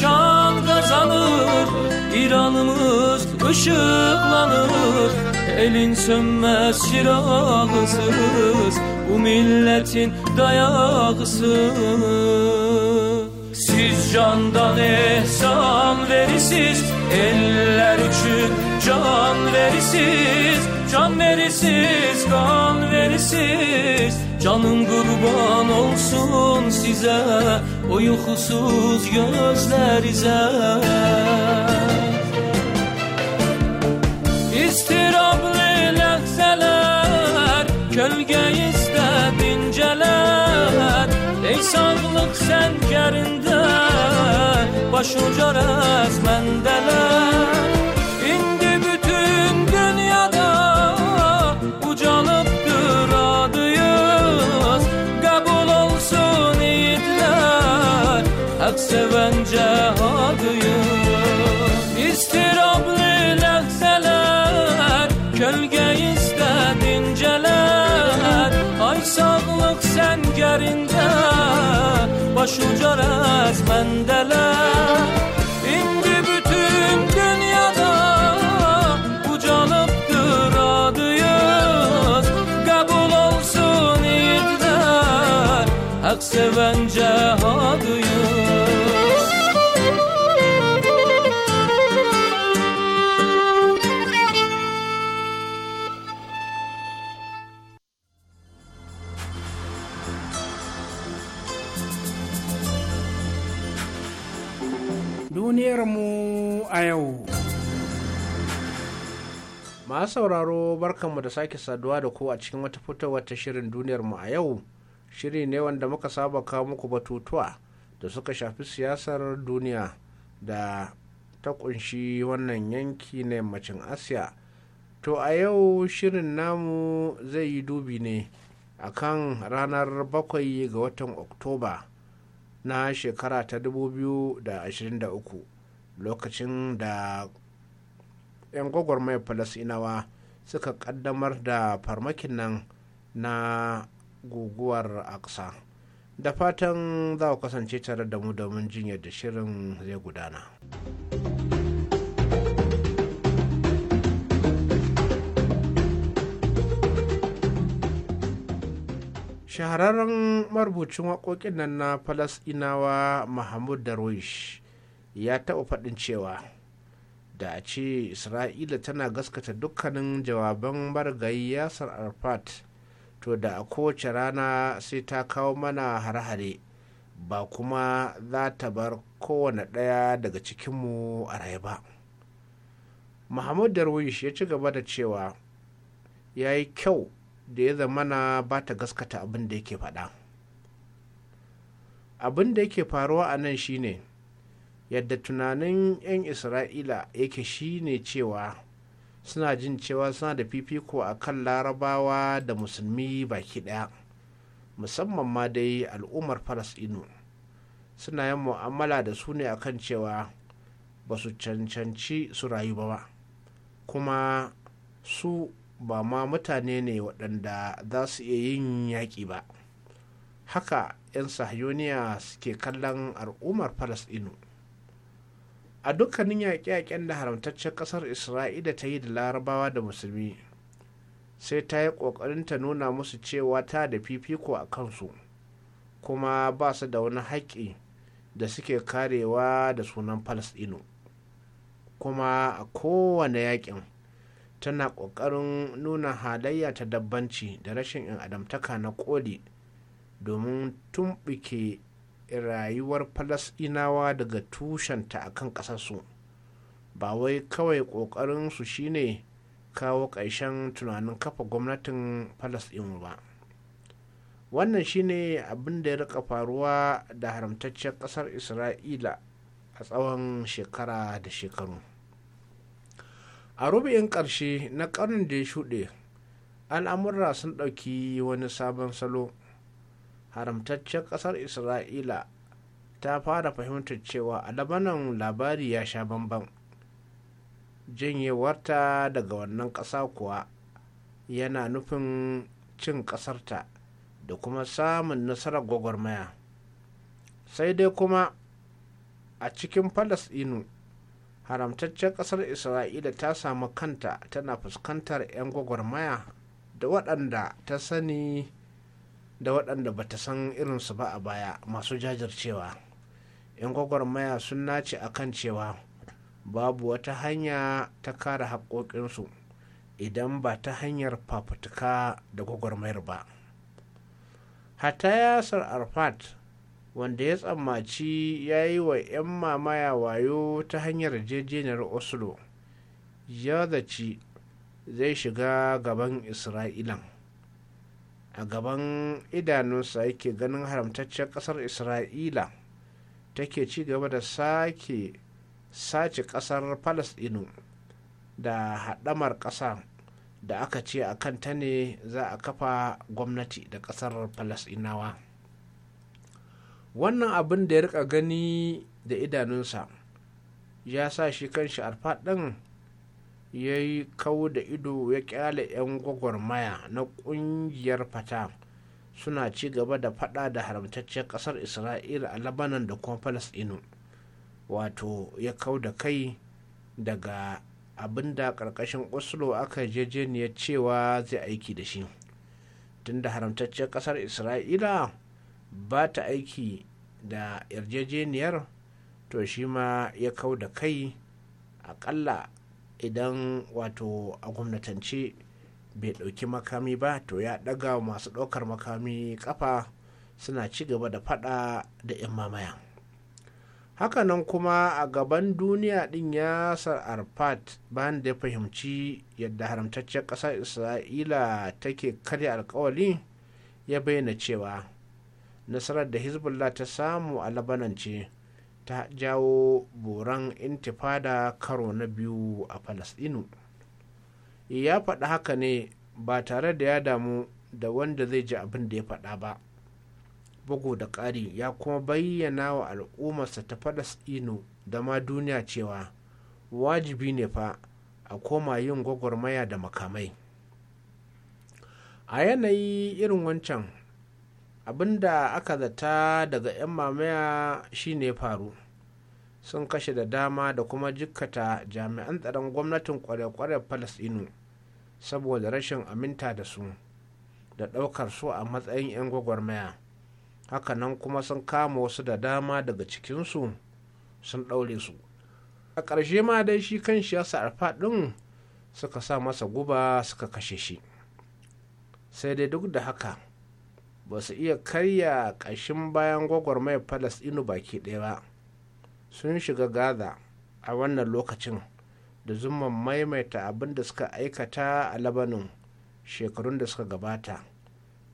S8: şan kazanır İranımız ışıklanır Elin sönmez çırağısız Bu milletin dayağısız candan ehsan verisiz Eller için can verisiz Can verisiz, kan verisiz Canım kurban olsun size O uykusuz gözlerize İstirablı lehzeler Kölgeyi Sağlık sen Baş başucu əz məndələr İndi bütün dünyada Ucalıbdır adıyız Qəbul olsun idlər Həq sevən cəhadıyız İstirablı ləxsələr Kölgə istədin cələr Ay sağlıq səngərində و شجر از من Şimdi bütün dünyada ucalıptır adıyız Kabul olsun ilden hak seven cehadıyız
S5: sauraro barkanmu da sake saduwa da ku a cikin wata fitowar ta shirin duniyar mu a yau shiri ne wanda muka saba kawo muku batutuwa da suka shafi siyasar duniya da ta kunshi wannan yanki na yammacin asiya to a yau shirin namu zai yi dubi ne akan ranar bakwai ga watan oktoba na shekara ta 2023 lokacin da 'yan gwagwarmayar falasinawa suka kaddamar da farmakin nan na guguwar aksa da fatan za ku kasance tare da mu domin jin yadda shirin zai gudana shahararren marubucin waƙoƙin nan na falasinawa mahmud darwish ya taɓa faɗin cewa da a ce isra'ila tana gaskata dukkanin jawaban marigayi yasar arfat to da a kowace rana sai ta kawo mana hare-hare ba kuma za ta bar kowane ɗaya daga cikinmu a rai ba muhammad darwish ya ci gaba da cewa ya yi kyau da ya zamana ba ta gaskata abin da yake faɗa abin da yake faruwa a nan shine yadda tunanin 'yan isra'ila yake shine cewa suna jin cewa suna da fifiko a kan larabawa da musulmi baki ɗaya musamman ma dai al'ummar falasɗinu suna yin mu'amala da su ne akan cewa ba su cancanci su rayu ba kuma su ba ma mutane ne waɗanda za su iya yin yaƙi ba haka 'yan sahiyoniya suke kallon al'ummar falasɗinu a dukkanin yaƙe-yaƙen da haramtaccen ƙasar isra'ila ta yi da larabawa da musulmi sai ta yi ƙoƙarin ta nuna musu cewa ta da fifiko a kansu kuma ba su da wani haƙƙi da suke karewa da sunan falasɗinu kuma a kowane yaƙin tana ƙoƙarin nuna halayya ta dabbanci da rashin in adamtaka na ƙoli domin tumɓuke rayuwar falasɗinawa daga tushenta a kan ƙasarsu ba wai kawai ƙoƙarinsu shine kawo ƙarshen tunanin kafa gwamnatin falasɗinu ba wannan shine abin da ya rika faruwa da haramtaccen ƙasar isra'ila a tsawon shekara da shekaru a rubin ƙarshe na ƙarnin da ya shuɗe al'amurra sun ɗauki wani sabon salo haramtaccen ƙasar isra'ila ta fara fahimtar cewa a labanan labari ya sha bamban janyewarta daga wannan ƙasa kuwa yana nufin cin ƙasarta da kuma samun nasarar gwagwarmaya sai dai kuma a cikin falasɗinu haramtaccen ƙasar isra'ila ta samu kanta tana fuskantar 'yan gwagwarmaya da waɗanda ta sani da waɗanda bata san irinsu ba a baya masu jajircewa yan gwagwarmaya sun nace a kan cewa babu wata hanya ta kare haƙoƙinsu idan ba ta hanyar fafutuka da gwagwarmayar ba ya yasir arfat wanda ya tsammaci ya yi wa 'yan mamaya wayo ta hanyar jejeniyar oslo ya zaci zai shiga gaban isra'ilan a gaban idanunsa yake ganin haramtaccen ƙasar isra'ila take ci gaba da sake sace ƙasar palestino da haɗamar ƙasa da aka ce a kan ta ne za a kafa gwamnati da ƙasar palestinawa wannan abin da ya rika gani da idanunsa ya sa shi kan kanshi alfaɗin ya yi kau da ido ya kyale 'yan gwagwarmaya na kungiyar fata suna ci gaba da fada da haramtacciyar kasar isra'ila a labanan da kuma palestino wato ya kau da kai daga abinda karkashin oslo aka yarjejeniyar cewa zai aiki da shi tunda haramtacciyar kasar isra'ila ba ta aiki da yarjejeniyar to shi ma ya kau da kai akalla idan wato a gwamnatance bai ɗauki makami ba to ya ɗaga masu ɗaukar makami kafa suna ci gaba da faɗa da 'yan mamaya hakanan kuma a gaban duniya ɗin ya sar arfat bayan da ya fahimci yadda haramtaccen ƙasar isra'ila take karya alkawali ya bayyana cewa nasarar da hezbollah ta samu a labanan ce ta jawo boran intifada karo na biyu a falasɗinu ya faɗi haka ne ba tare da ya damu da wanda zai ji abin da ya faɗa ba bugu da ƙari ya kuma bayyana wa al'ummarsa ta falasɗinu da ma duniya cewa wajibi ne fa a koma yin gwagwarmaya da makamai a yanayi irin wancan abinda aka zata daga 'yan mamaya shi shine faru sun kashe da dama da kuma jikkata jami'an tsaron gwamnatin kware-kware falasɗinu saboda rashin aminta da su da ɗaukar su a matsayin 'yan gwagwarmaya hakanan kuma sun kama wasu da dama daga cikinsu sun ɗaure su a ƙarshe ma dai shi kan shi ya arfa ɗin suka sa masa guba suka kashe shi sai dai duk da haka ba su iya karya ƙashin bayan gwagwarmayar falasɗinu baki ɗaya ba sun shiga gaza a wannan lokacin da zuma maimaita abin da suka aikata a labanin shekarun da suka gabata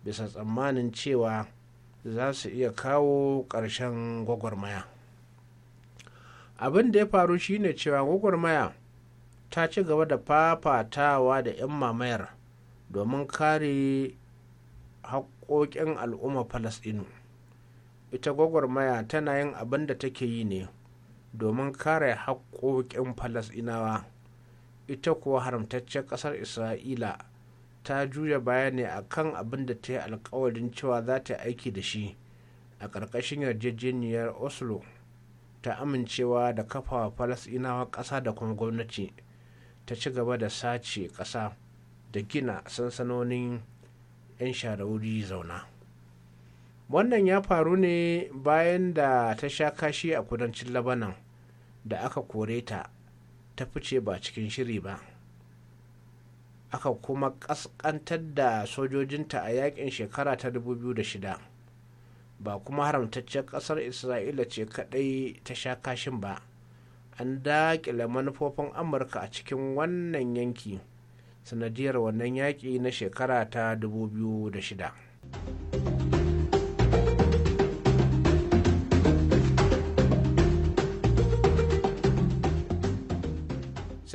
S5: bisa tsammanin cewa za su iya kawo ƙarshen gwagwarmaya abin da ya faru shine cewa gwagwarmaya ta ci gaba da fafatawa da 'yan mamayar domin kare haƙoƙin al'umma falasɗinu ita gwagwarmaya tana yin abin da take yi ne domin kare haƙoƙin falasɗinawa ita kuwa haramtaccen ƙasar isra'ila ta juya baya ne a kan abin da ta yi alkawarin cewa za ta aiki da shi a ƙarƙashin yarjejeniyar oslo ta amincewa da kafawa falasɗinawa ƙasa da kuma gwamnati ta ci gaba da sace ƙasa da gina sansanonin 'yan shara zauna. wannan ya faru ne bayan da ta sha kashi a kudancin labanan da aka kore ta ta fice ba cikin shiri ba aka kuma kaskantar da sojojinta a yakin shekara ta 2006 ba kuma haramtaccen kasar isra'ila ce kadai ta sha kashin ba an daƙile manufofin amurka a cikin wannan yanki sanadiyar wannan yaƙi na shekara ta 2006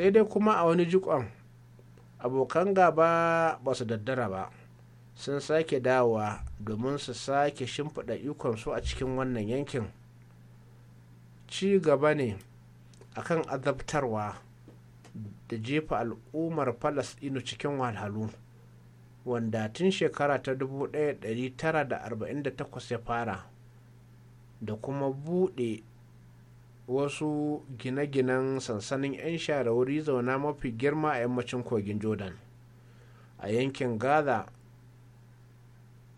S5: sai dai kuma a wani jikon abokan gaba ba su daddara ba sun sake dawowa domin su sake shimfiɗa ikonsu a cikin wannan yankin ci gaba ne kan azabtarwa da jefa al'ummar falasɗinu cikin walhalu wanda tun shekara ta 1948 ya fara da kuma buɗe wasu gine-ginen sansanin 'yan share wuri zauna mafi girma a yammacin kogin jordan a yankin gaza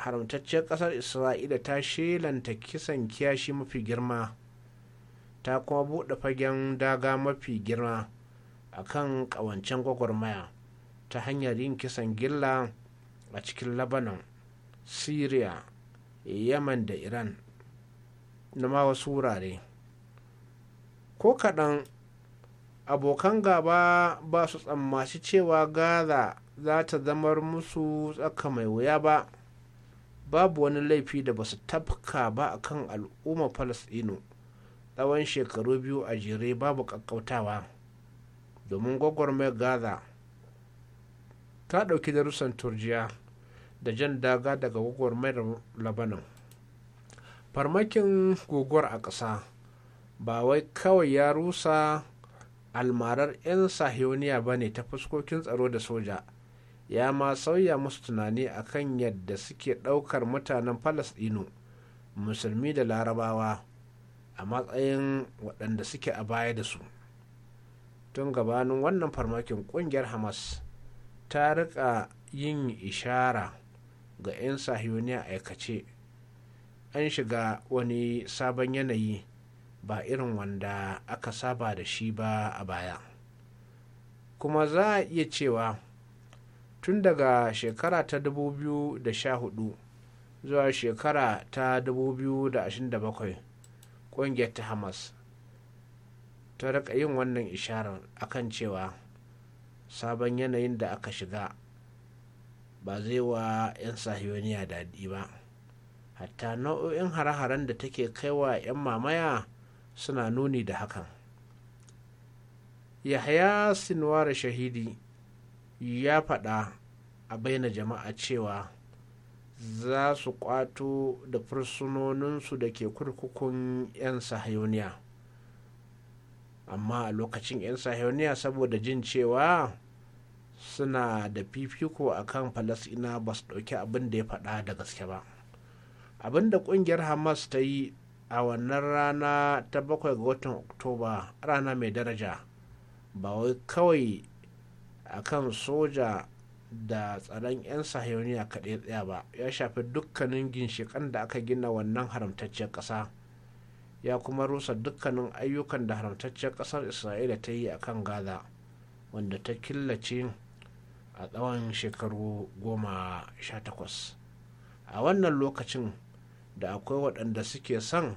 S5: haramtacciyar ƙasar isra'ila ta shelanta kisan kiyashi mafi girma ta kuma buɗe fagen daga mafi girma a kan ƙawancen gwagwarmaya ta hanyar yin kisan gilla a cikin lebanon syria yaman da iran na ma wasu wurare ko kaɗan abokan gaba ba su tsammaci cewa gaza za ta zamar musu tsaka mai wuya ba babu wani laifi da ba su tafka ba a kan al'ummar falasɗinu tsawon shekaru biyu a jere babu ƙaƙƙautawa domin gwagwarmayar gaza ta ɗauki darussan turjiya da jan daga daga gwagwarmayar labanan farmakin guguwar a ƙasa ba wai kawai ya rusa almarar 'yan sahioniya ba ne ta fuskokin tsaro da soja ya ma sauya musu tunani a kan yadda suke ɗaukar mutanen falasɗinu musulmi da larabawa a matsayin waɗanda suke a baya da su tun gabanin wannan farmakin ƙungiyar hamas ta rika yin ishara ga 'yan sahioniya aikace an shiga wani sabon yanayi ba irin wanda aka saba da shi ba a baya kuma za a iya cewa tun daga shekara ta 2014 zuwa shekara ta 2027 ƙungiyar ta hamas ta rika yin wannan isharar akan cewa sabon yanayin da aka shiga ba zai wa 'yan sahiyoniya daɗi ba hatta nau'o'in hare-haren da take kaiwa 'yan mamaya suna nuni da hakan yahaya sinwar shahidi ya faɗa a baina jama'a cewa za su kwato da fursunoninsu da ke kurkukun 'yan sahayoniya amma a lokacin 'yan sahayoniya saboda jin cewa suna da fifiko a kan falasina ba su ɗauki abin da ya faɗa da gaske ba abin da ƙungiyar hamas ta yi a wannan rana ta bakwai ga watan oktoba rana mai daraja ba wai kawai a kan soja da tsaron 'yan sahiyoniya kaɗai tsaya ba ya shafi dukkanin ginshiƙan da aka gina wannan haramtacciyar ƙasa ya kuma rusa dukkanin ayyukan da haramtacciyar ƙasar isra'ila ta yi a kan gaza wanda ta killace a tsawon shekaru goma sha takwas a wannan lokacin da akwai waɗanda suke son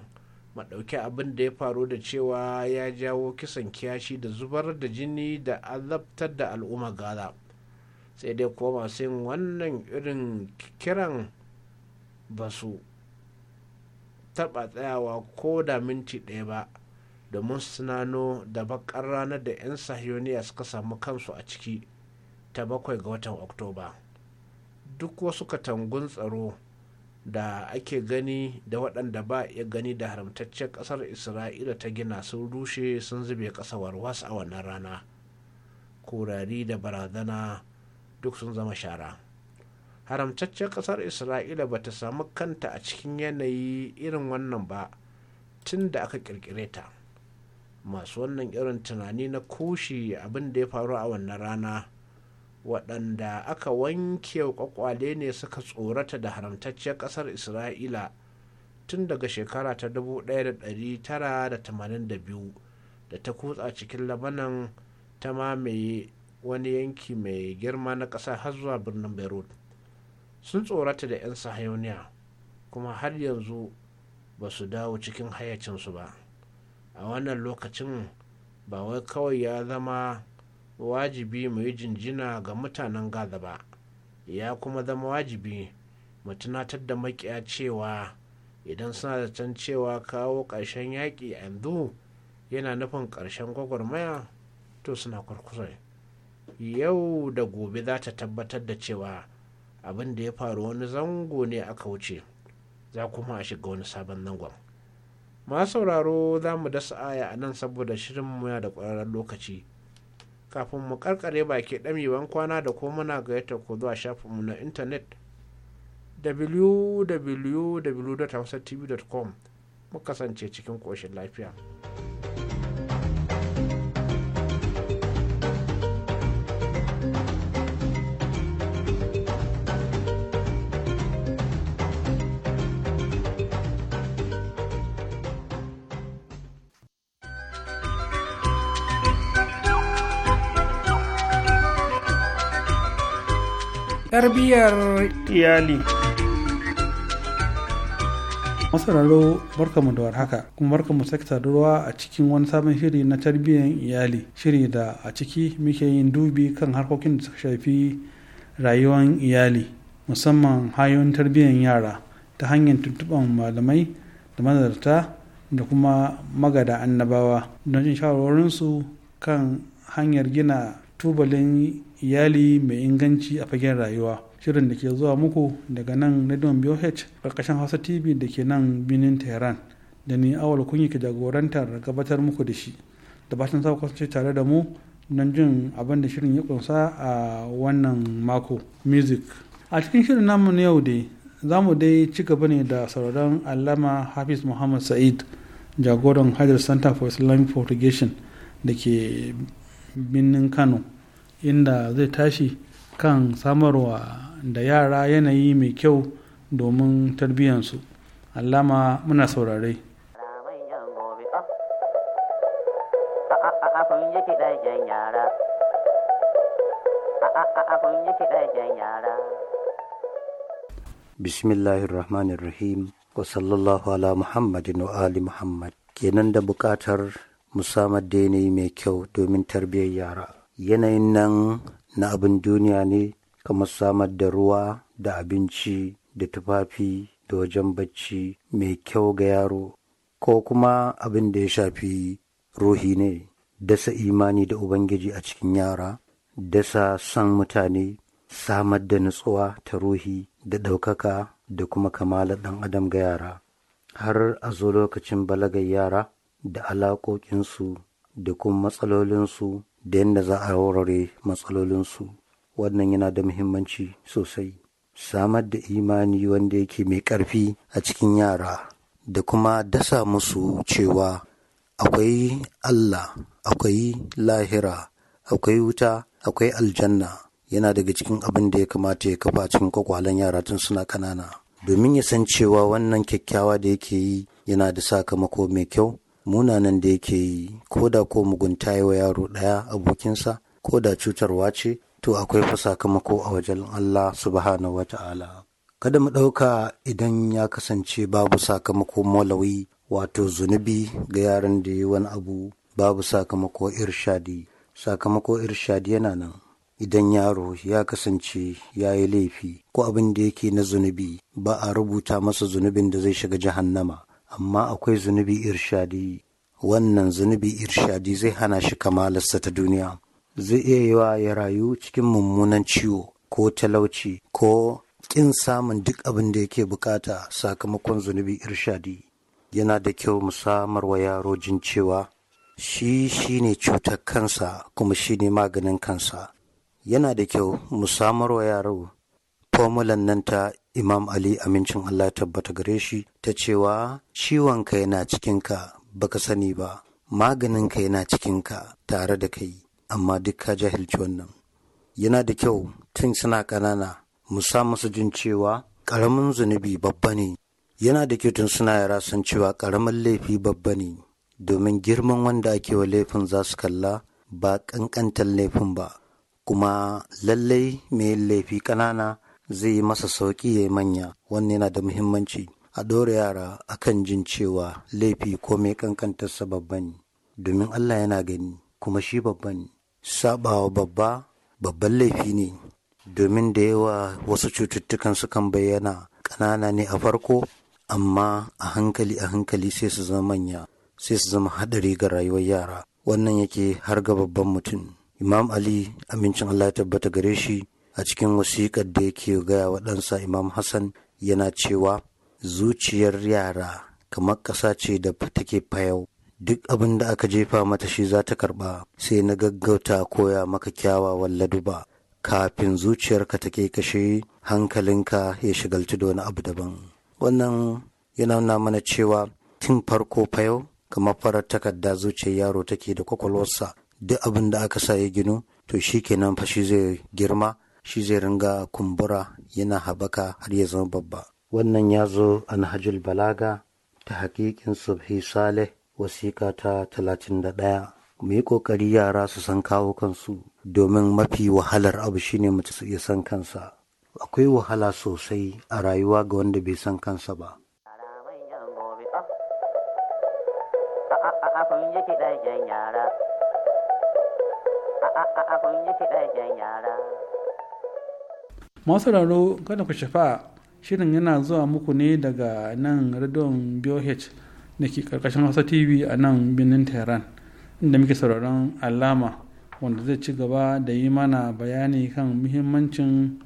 S5: maɗauki abin da ya faru da cewa ya jawo kisan kiyashi da zubar da jini da azabtar da al'umma gaza sai dai kuma masu yin wannan irin kiran ba su taɓa tsayawa ko da minti ɗaya ba domin sunano da bakar ranar da 'yan sahiyoniya suka samu kansu a ciki ta bakwai ga watan oktoba duk wasu katangun tsaro da ake gani da waɗanda ba ya gani da haramtaccen ƙasar isra'ila ta gina sun rushe sun zube ƙasawar wasu a wannan rana kurari da barazana duk sun zama shara haramtaccen ƙasar isra'ila ba ta samu kanta a cikin yanayi irin wannan ba tun da aka ƙirƙire ta masu wannan irin tunani na koshi abin da ya faru a wannan rana waɗanda aka wanke kwakwale ne suka tsorata da haramtacciyar ƙasar isra'ila tun daga shekara ta 1982 da ta kutsa cikin labanan ta mamaye wani yanki mai girma na ƙasa har zuwa birnin beirut sun tsorata da 'yan sahayoniya kuma har yanzu ba su dawo cikin hayacinsu ba a wannan lokacin ba wai kawai ya zama wajibi mu yi jinjina ga mutanen gaza ba ya kuma zama wajibi mu tunatar da makiya cewa idan suna da can cewa kawo ƙarshen yaƙi a yanzu yana nufin ƙarshen gwagwarmaya to suna kurkusa yau da gobe za ta tabbatar da cewa abin da ya faru wani zango ne aka wuce za kuma a shiga wani sabon zangon ma sauraro za mu dasa aya a nan saboda shirin mu da ƙwararren lokaci kafin mu karkare baki ɗamewan kwana da kuma muna gayyata ko zuwa shafinmu na intanet www.hausatv.com mu kasance cikin koshin lafiya.
S1: tarbiyyar iyali
S9: masararo mu da warhaka kuma barka sake sadarwa a cikin wani sabon shiri na tarbiyyar iyali shiri da a ciki muke yin dubi kan harkokin da suka shafi rayuwar iyali musamman hanyoyin tarbiyyar yara ta hanyar tuntuɓar malamai da manzarta da kuma magada annabawa don jin shawarwarinsu kan hanyar gina tubalin iyali mai inganci a fagen rayuwa shirin da ke zuwa muku daga nan na don boh karkashin hausa tv da ke nan binin tehran da ni awal kunyi ke jagorantar gabatar muku da shi da batan sa kwasance tare da mu don jin abin da shirin ya kunsa a wannan mako music a cikin shirin namu na yau dai za mu dai ci gaba ne da sauraron alama hafiz muhammad sa'id jagoran hajjar center for islamic propagation da ke birnin kano inda zai tashi kan samarwa da yara yanayi mai kyau domin tarbiyyansu allama muna saurare
S10: bismillahirrahmanirrahim wa sallallahu ala muhammadin wa ali muhammad kenan da bukatar musamman da yanayi mai kyau domin tarbiyyar yara yanayin nan na abin duniya ne kamar samar da ruwa da abinci da tufafi da wajen bacci mai kyau ga yaro ko kuma abin da ya shafi ruhi ne dasa imani da ubangiji a cikin yara dasa san mutane samar da nutsuwa ta ruhi da ɗaukaka da kuma kamala ɗan adam ga yara har a zo lokacin balagar yara da alaƙoƙinsu da kuma matsalolinsu da yadda za a warware matsalolinsu wannan yana da muhimmanci sosai samar da imani wanda yake mai ƙarfi a cikin yara da kuma dasa musu cewa akwai Allah akwai lahira akwai wuta akwai aljanna yana daga cikin abin da ya kamata ya kafa cikin kwakwalen yara tun suna ƙanana domin ya san cewa wannan kyakkyawa da yake yi yana da sakamako mai kyau munanan da yake yi ko da ko mugunta yi wa yaro ɗaya abokinsa ko da cutarwa ce to akwai fa sakamako a wajen Allah subhanahu wa ta'ala. Kada mu ɗauka idan ya kasance babu sakamako malawi wato zunubi ga yaran da yi wani abu babu sakamako irshadi. Sakamako irshadi yana nan. Idan yaro ya kasance ya yi laifi ko abin da yake na zunubi ba a rubuta masa zunubin da zai shiga jahannama. amma akwai zunubi irshadi wannan zunubi irshadi zai hana shi kamalarsa ta duniya zai iya yiwa ya rayu cikin mummunan ciwo ko talauci ko ƙin samun duk abin da yake bukata sakamakon zunubi irshadi yana da kyau mu samar wa yaro jin cewa shi shi ne cutar kansa kuma shi ne maganin kansa yana da kyau mu samar wa yaro fomulan nan ta Imam Ali amincin Allah tabbata gare shi ta cewa ciwon ciwonka yana cikinka baka sani ba, maganin maganinka yana cikinka tare da kai, amma duk ka jahilci wannan. Yana da kyau tun suna ƙanana, mu sa musu jin cewa ƙaramin zunubi babba ne. Yana da kyau tun suna yara san cewa ƙaramin laifi babba ne, domin girman wanda ake wa laifin za su kalla ba ƙanƙantar laifin ba, kuma lallai mai laifi ƙanana zai yi masa sauƙi ya yi manya wannan yana da muhimmanci a ɗora yara akan jin cewa laifi ko mai kankantarsa babba ne domin Allah yana gani kuma shi babba ne sabawa babba babban laifi ne domin da yawa wasu cututtukan sukan bayyana ƙanana ne a farko amma a hankali a hankali sai su zama manya sai su zama haɗari ga rayuwar yara wannan yake har ga babban mutum imam ali amincin allah ya tabbata gare shi a cikin wasiƙar da yake gaya wa ɗansa imam hassan yana cewa zuciyar yara kamar ƙasa ce da take fayau duk abin da aka jefa mata shi za ta karɓa sai na gaggauta koya maka kyawawan laduba kafin zuciyarka take kashe hankalinka ya shigalci da wani abu daban wannan yana nuna mana cewa tun farko fayau kamar farar takarda zuciyar yaro take da kwakwalwarsa duk abin da aka sa ya ginu to shi kenan shi zai girma shi zai ringa kumbura yana habaka har ya zama babba wannan ya zo a nahajul balaga ta hakikin subhi saleh wasiƙa ta talatin da ɗaya. mu yi ƙoƙari yara su san kawo kansu domin mafi wahalar abu shine mace su iya san kansa akwai wahala sosai a rayuwa ga wanda bai san kansa ba
S6: yara
S9: masu raro kada ku shafa shirin yana zuwa muku ne daga nan radon boh da ke karkashin hausa tv a nan birnin tehran inda muke sauraron alama wanda zai ci gaba da yi mana bayani kan muhimmancin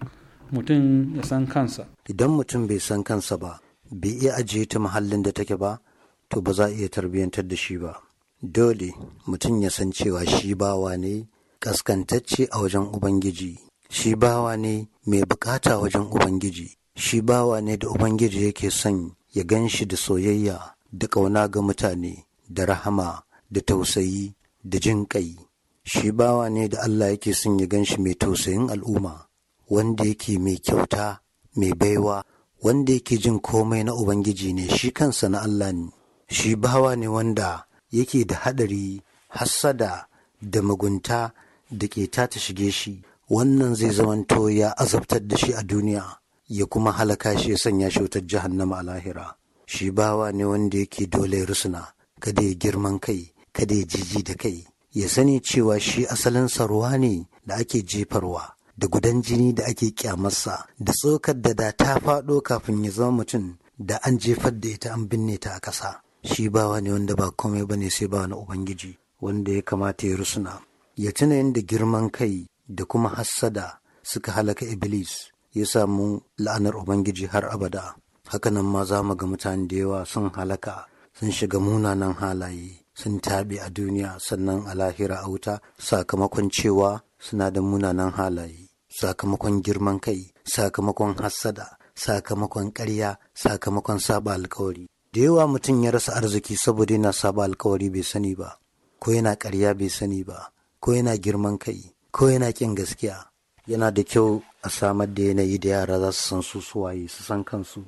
S9: mutum ya san kansa
S10: idan mutum bai san kansa ba bai iya ajiye ta mahallin da take ba to ba za a iya tarbiyyantar da shi ba dole mutum ya san cewa shi bawa ne kaskantacce a wajen ubangiji shi bawa ne mai bukata wajen Ubangiji, shi bawa ne da Ubangiji yake son ya gan shi da soyayya da ƙauna ga mutane, da rahama, da tausayi, da jin ƙai. Shi bawa ne da Allah yake son ya gan shi mai tausayin al'umma, wanda yake mai kyauta, mai baiwa, wanda yake jin komai na Ubangiji ne shi kansa na Allah ne. Shi bawa ne wanda yake da haɗari, hassada, da mugunta da ƙeta ta shige shi. wannan zai zamanto ya azabtar da shi a duniya ya kuma halaka shi ya sanya shi wutar jahannama a lahira shi bawa ne wanda yake dole rusuna kada ya girman kai kada ya jiji da kai ya sani cewa shi asalin sarwa ne da ake jefarwa da gudan jini da ake kyamarsa da tsokar da da ta faɗo kafin ya zama mutum da an jefar da ita an binne ta a ƙasa shi bawa ne wanda ba komai ba ne sai ba na ubangiji wanda ya kamata ya rusuna ya tuna yadda girman kai da kuma hassada suka halaka Iblis ya samu la'anar Ubangiji har abada. Hakanan ma za mu ga mutane da yawa sun halaka, sun shiga munanan halaye, sun taɓe a duniya sannan a lahira a wuta sakamakon cewa suna da munanan halaye, sakamakon girman kai, sakamakon hassada, sakamakon ƙarya, sakamakon saba alkawari. Da yawa mutum ya rasa arziki saboda yana saba alkawari bai sani ba, ko yana ƙarya bai sani ba, ko yana girman kai, ko yana kin gaskiya yana da kyau a samar da yanayi da yara za su san su suwaye su san kansu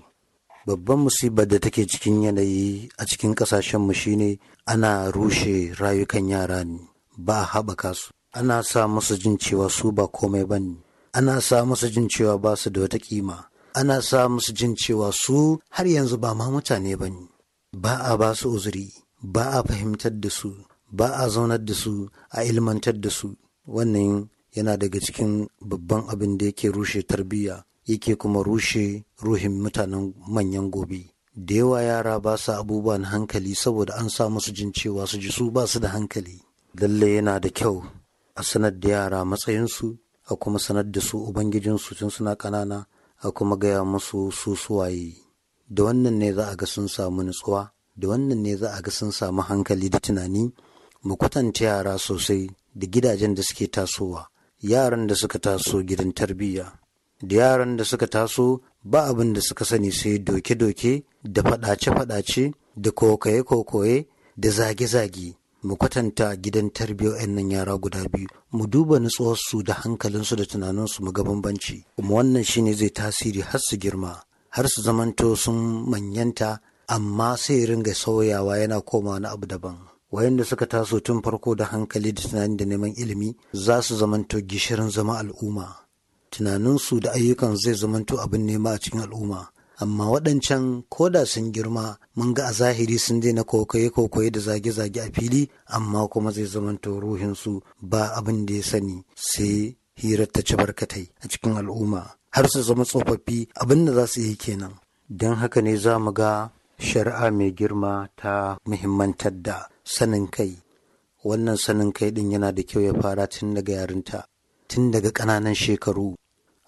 S10: babban musibar da take cikin yanayi a cikin mu shine ana rushe rayukan yara ne ba a haɓaka su ana sa musu jin cewa su ba komai ba ne ana sa musu jin cewa ba su da wata kima ana sa musu jin cewa su har yanzu ba ma mutane ba ne ba a ba su uzuri ba a fahimtar da su ba a zaunar da su a ilmantar da su wannan yana daga cikin babban abin da yake rushe tarbiyya yake kuma rushe ruhin mutanen manyan gobe da yawa yara ba su abubuwan hankali saboda an sa musu jin cewa su ji su ba su da hankali lalle yana da kyau a sanar da yara matsayinsu a kuma sanar da su ubangijinsu tun suna ƙanana a kuma gaya musu su suwaye da wannan ne za a ga sun samu nutsuwa da wannan ne za a ga sun samu hankali da tunani mu kwatanta yara sosai da gidajen da suke tasowa yaran da suka taso gidan tarbiyya da yaran da suka taso ba abin da suka sani sai doke-doke da faɗace-faɗace da kokaye-kokoye da zage-zage mu kwatanta gidan tarbiyyar nan yara guda biyu mu duba nutsuwarsu da hankalinsu da tunaninsu mu ga bambanci kuma wannan shine zai tasiri har su girma har su zamanto sun manyanta amma sai ringa sauyawa yana komawa na abu daban wayanda suka taso tun farko da hankali da tunanin da neman ilimi za su zamanto gishirin zama al'umma tunaninsu da ayyukan zai zamanto abin nema a cikin al'umma amma waɗancan ko da sun girma mun ga a zahiri sun daina kokaye kokaye da zage-zage a fili amma kuma zai zamanto ruhinsu ba abin da ya sani sai hirar ta ci barkatai a cikin al'umma har su zama tsofaffi abin da za su yi kenan don haka ne za mu ga shari'a mai girma ta muhimmantar da sanin kai wannan sanin kai din yana da kyau ya fara tun daga yarinta tun daga ƙananan shekaru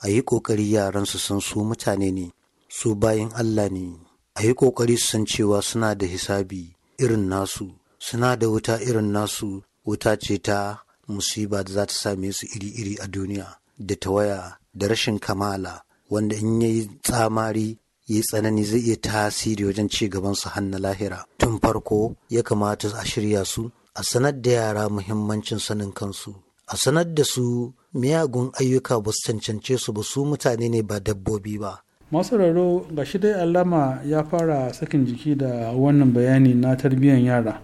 S10: a yi ƙoƙari yaran su san su mutane ne su bayan Allah ne a yi ƙoƙari su san cewa suna da hisabi irin nasu suna da wuta irin nasu wuta ce ta musiba da za ta same su iri-iri a duniya da ta waya da rashin kamala wanda in yayi tsamari yi tsanani zai iya tasiri wajen ci gaban su na lahira tun farko ya kamata a shirya su a sanar da yara muhimmancin sanin kansu a sanar da su miyagun ayyuka ba su cancance su ba su mutane ne ba dabbobi ba masu raro ga shi dai alama
S9: ya fara sakin jiki da wannan bayani na tarbiyyar yara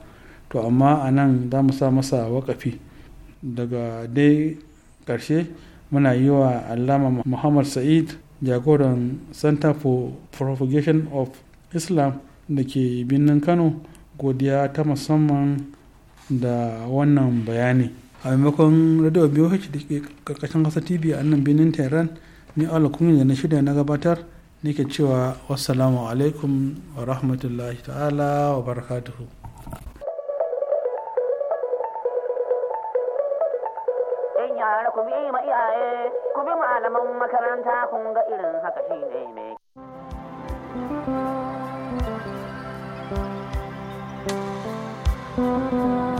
S9: to amma a nan za mu sa masa wakafi daga dai ƙarshe muna yi wa alama muhammad sa'id jagoran center for propagation of islam da ke birnin kano godiya ta musamman da wannan bayani a maimakon radio boh da ke karkashin kasa tv a nan birnin tehran ni alakunin da na shirya na gabatar nake cewa wassalamu alaikum wa rahmatullahi ta'ala wa barakatuhu
S2: ku bi ma iyaye ku bi
S11: malaman makaranta kun ga irin haka shi ne me
S12: thank you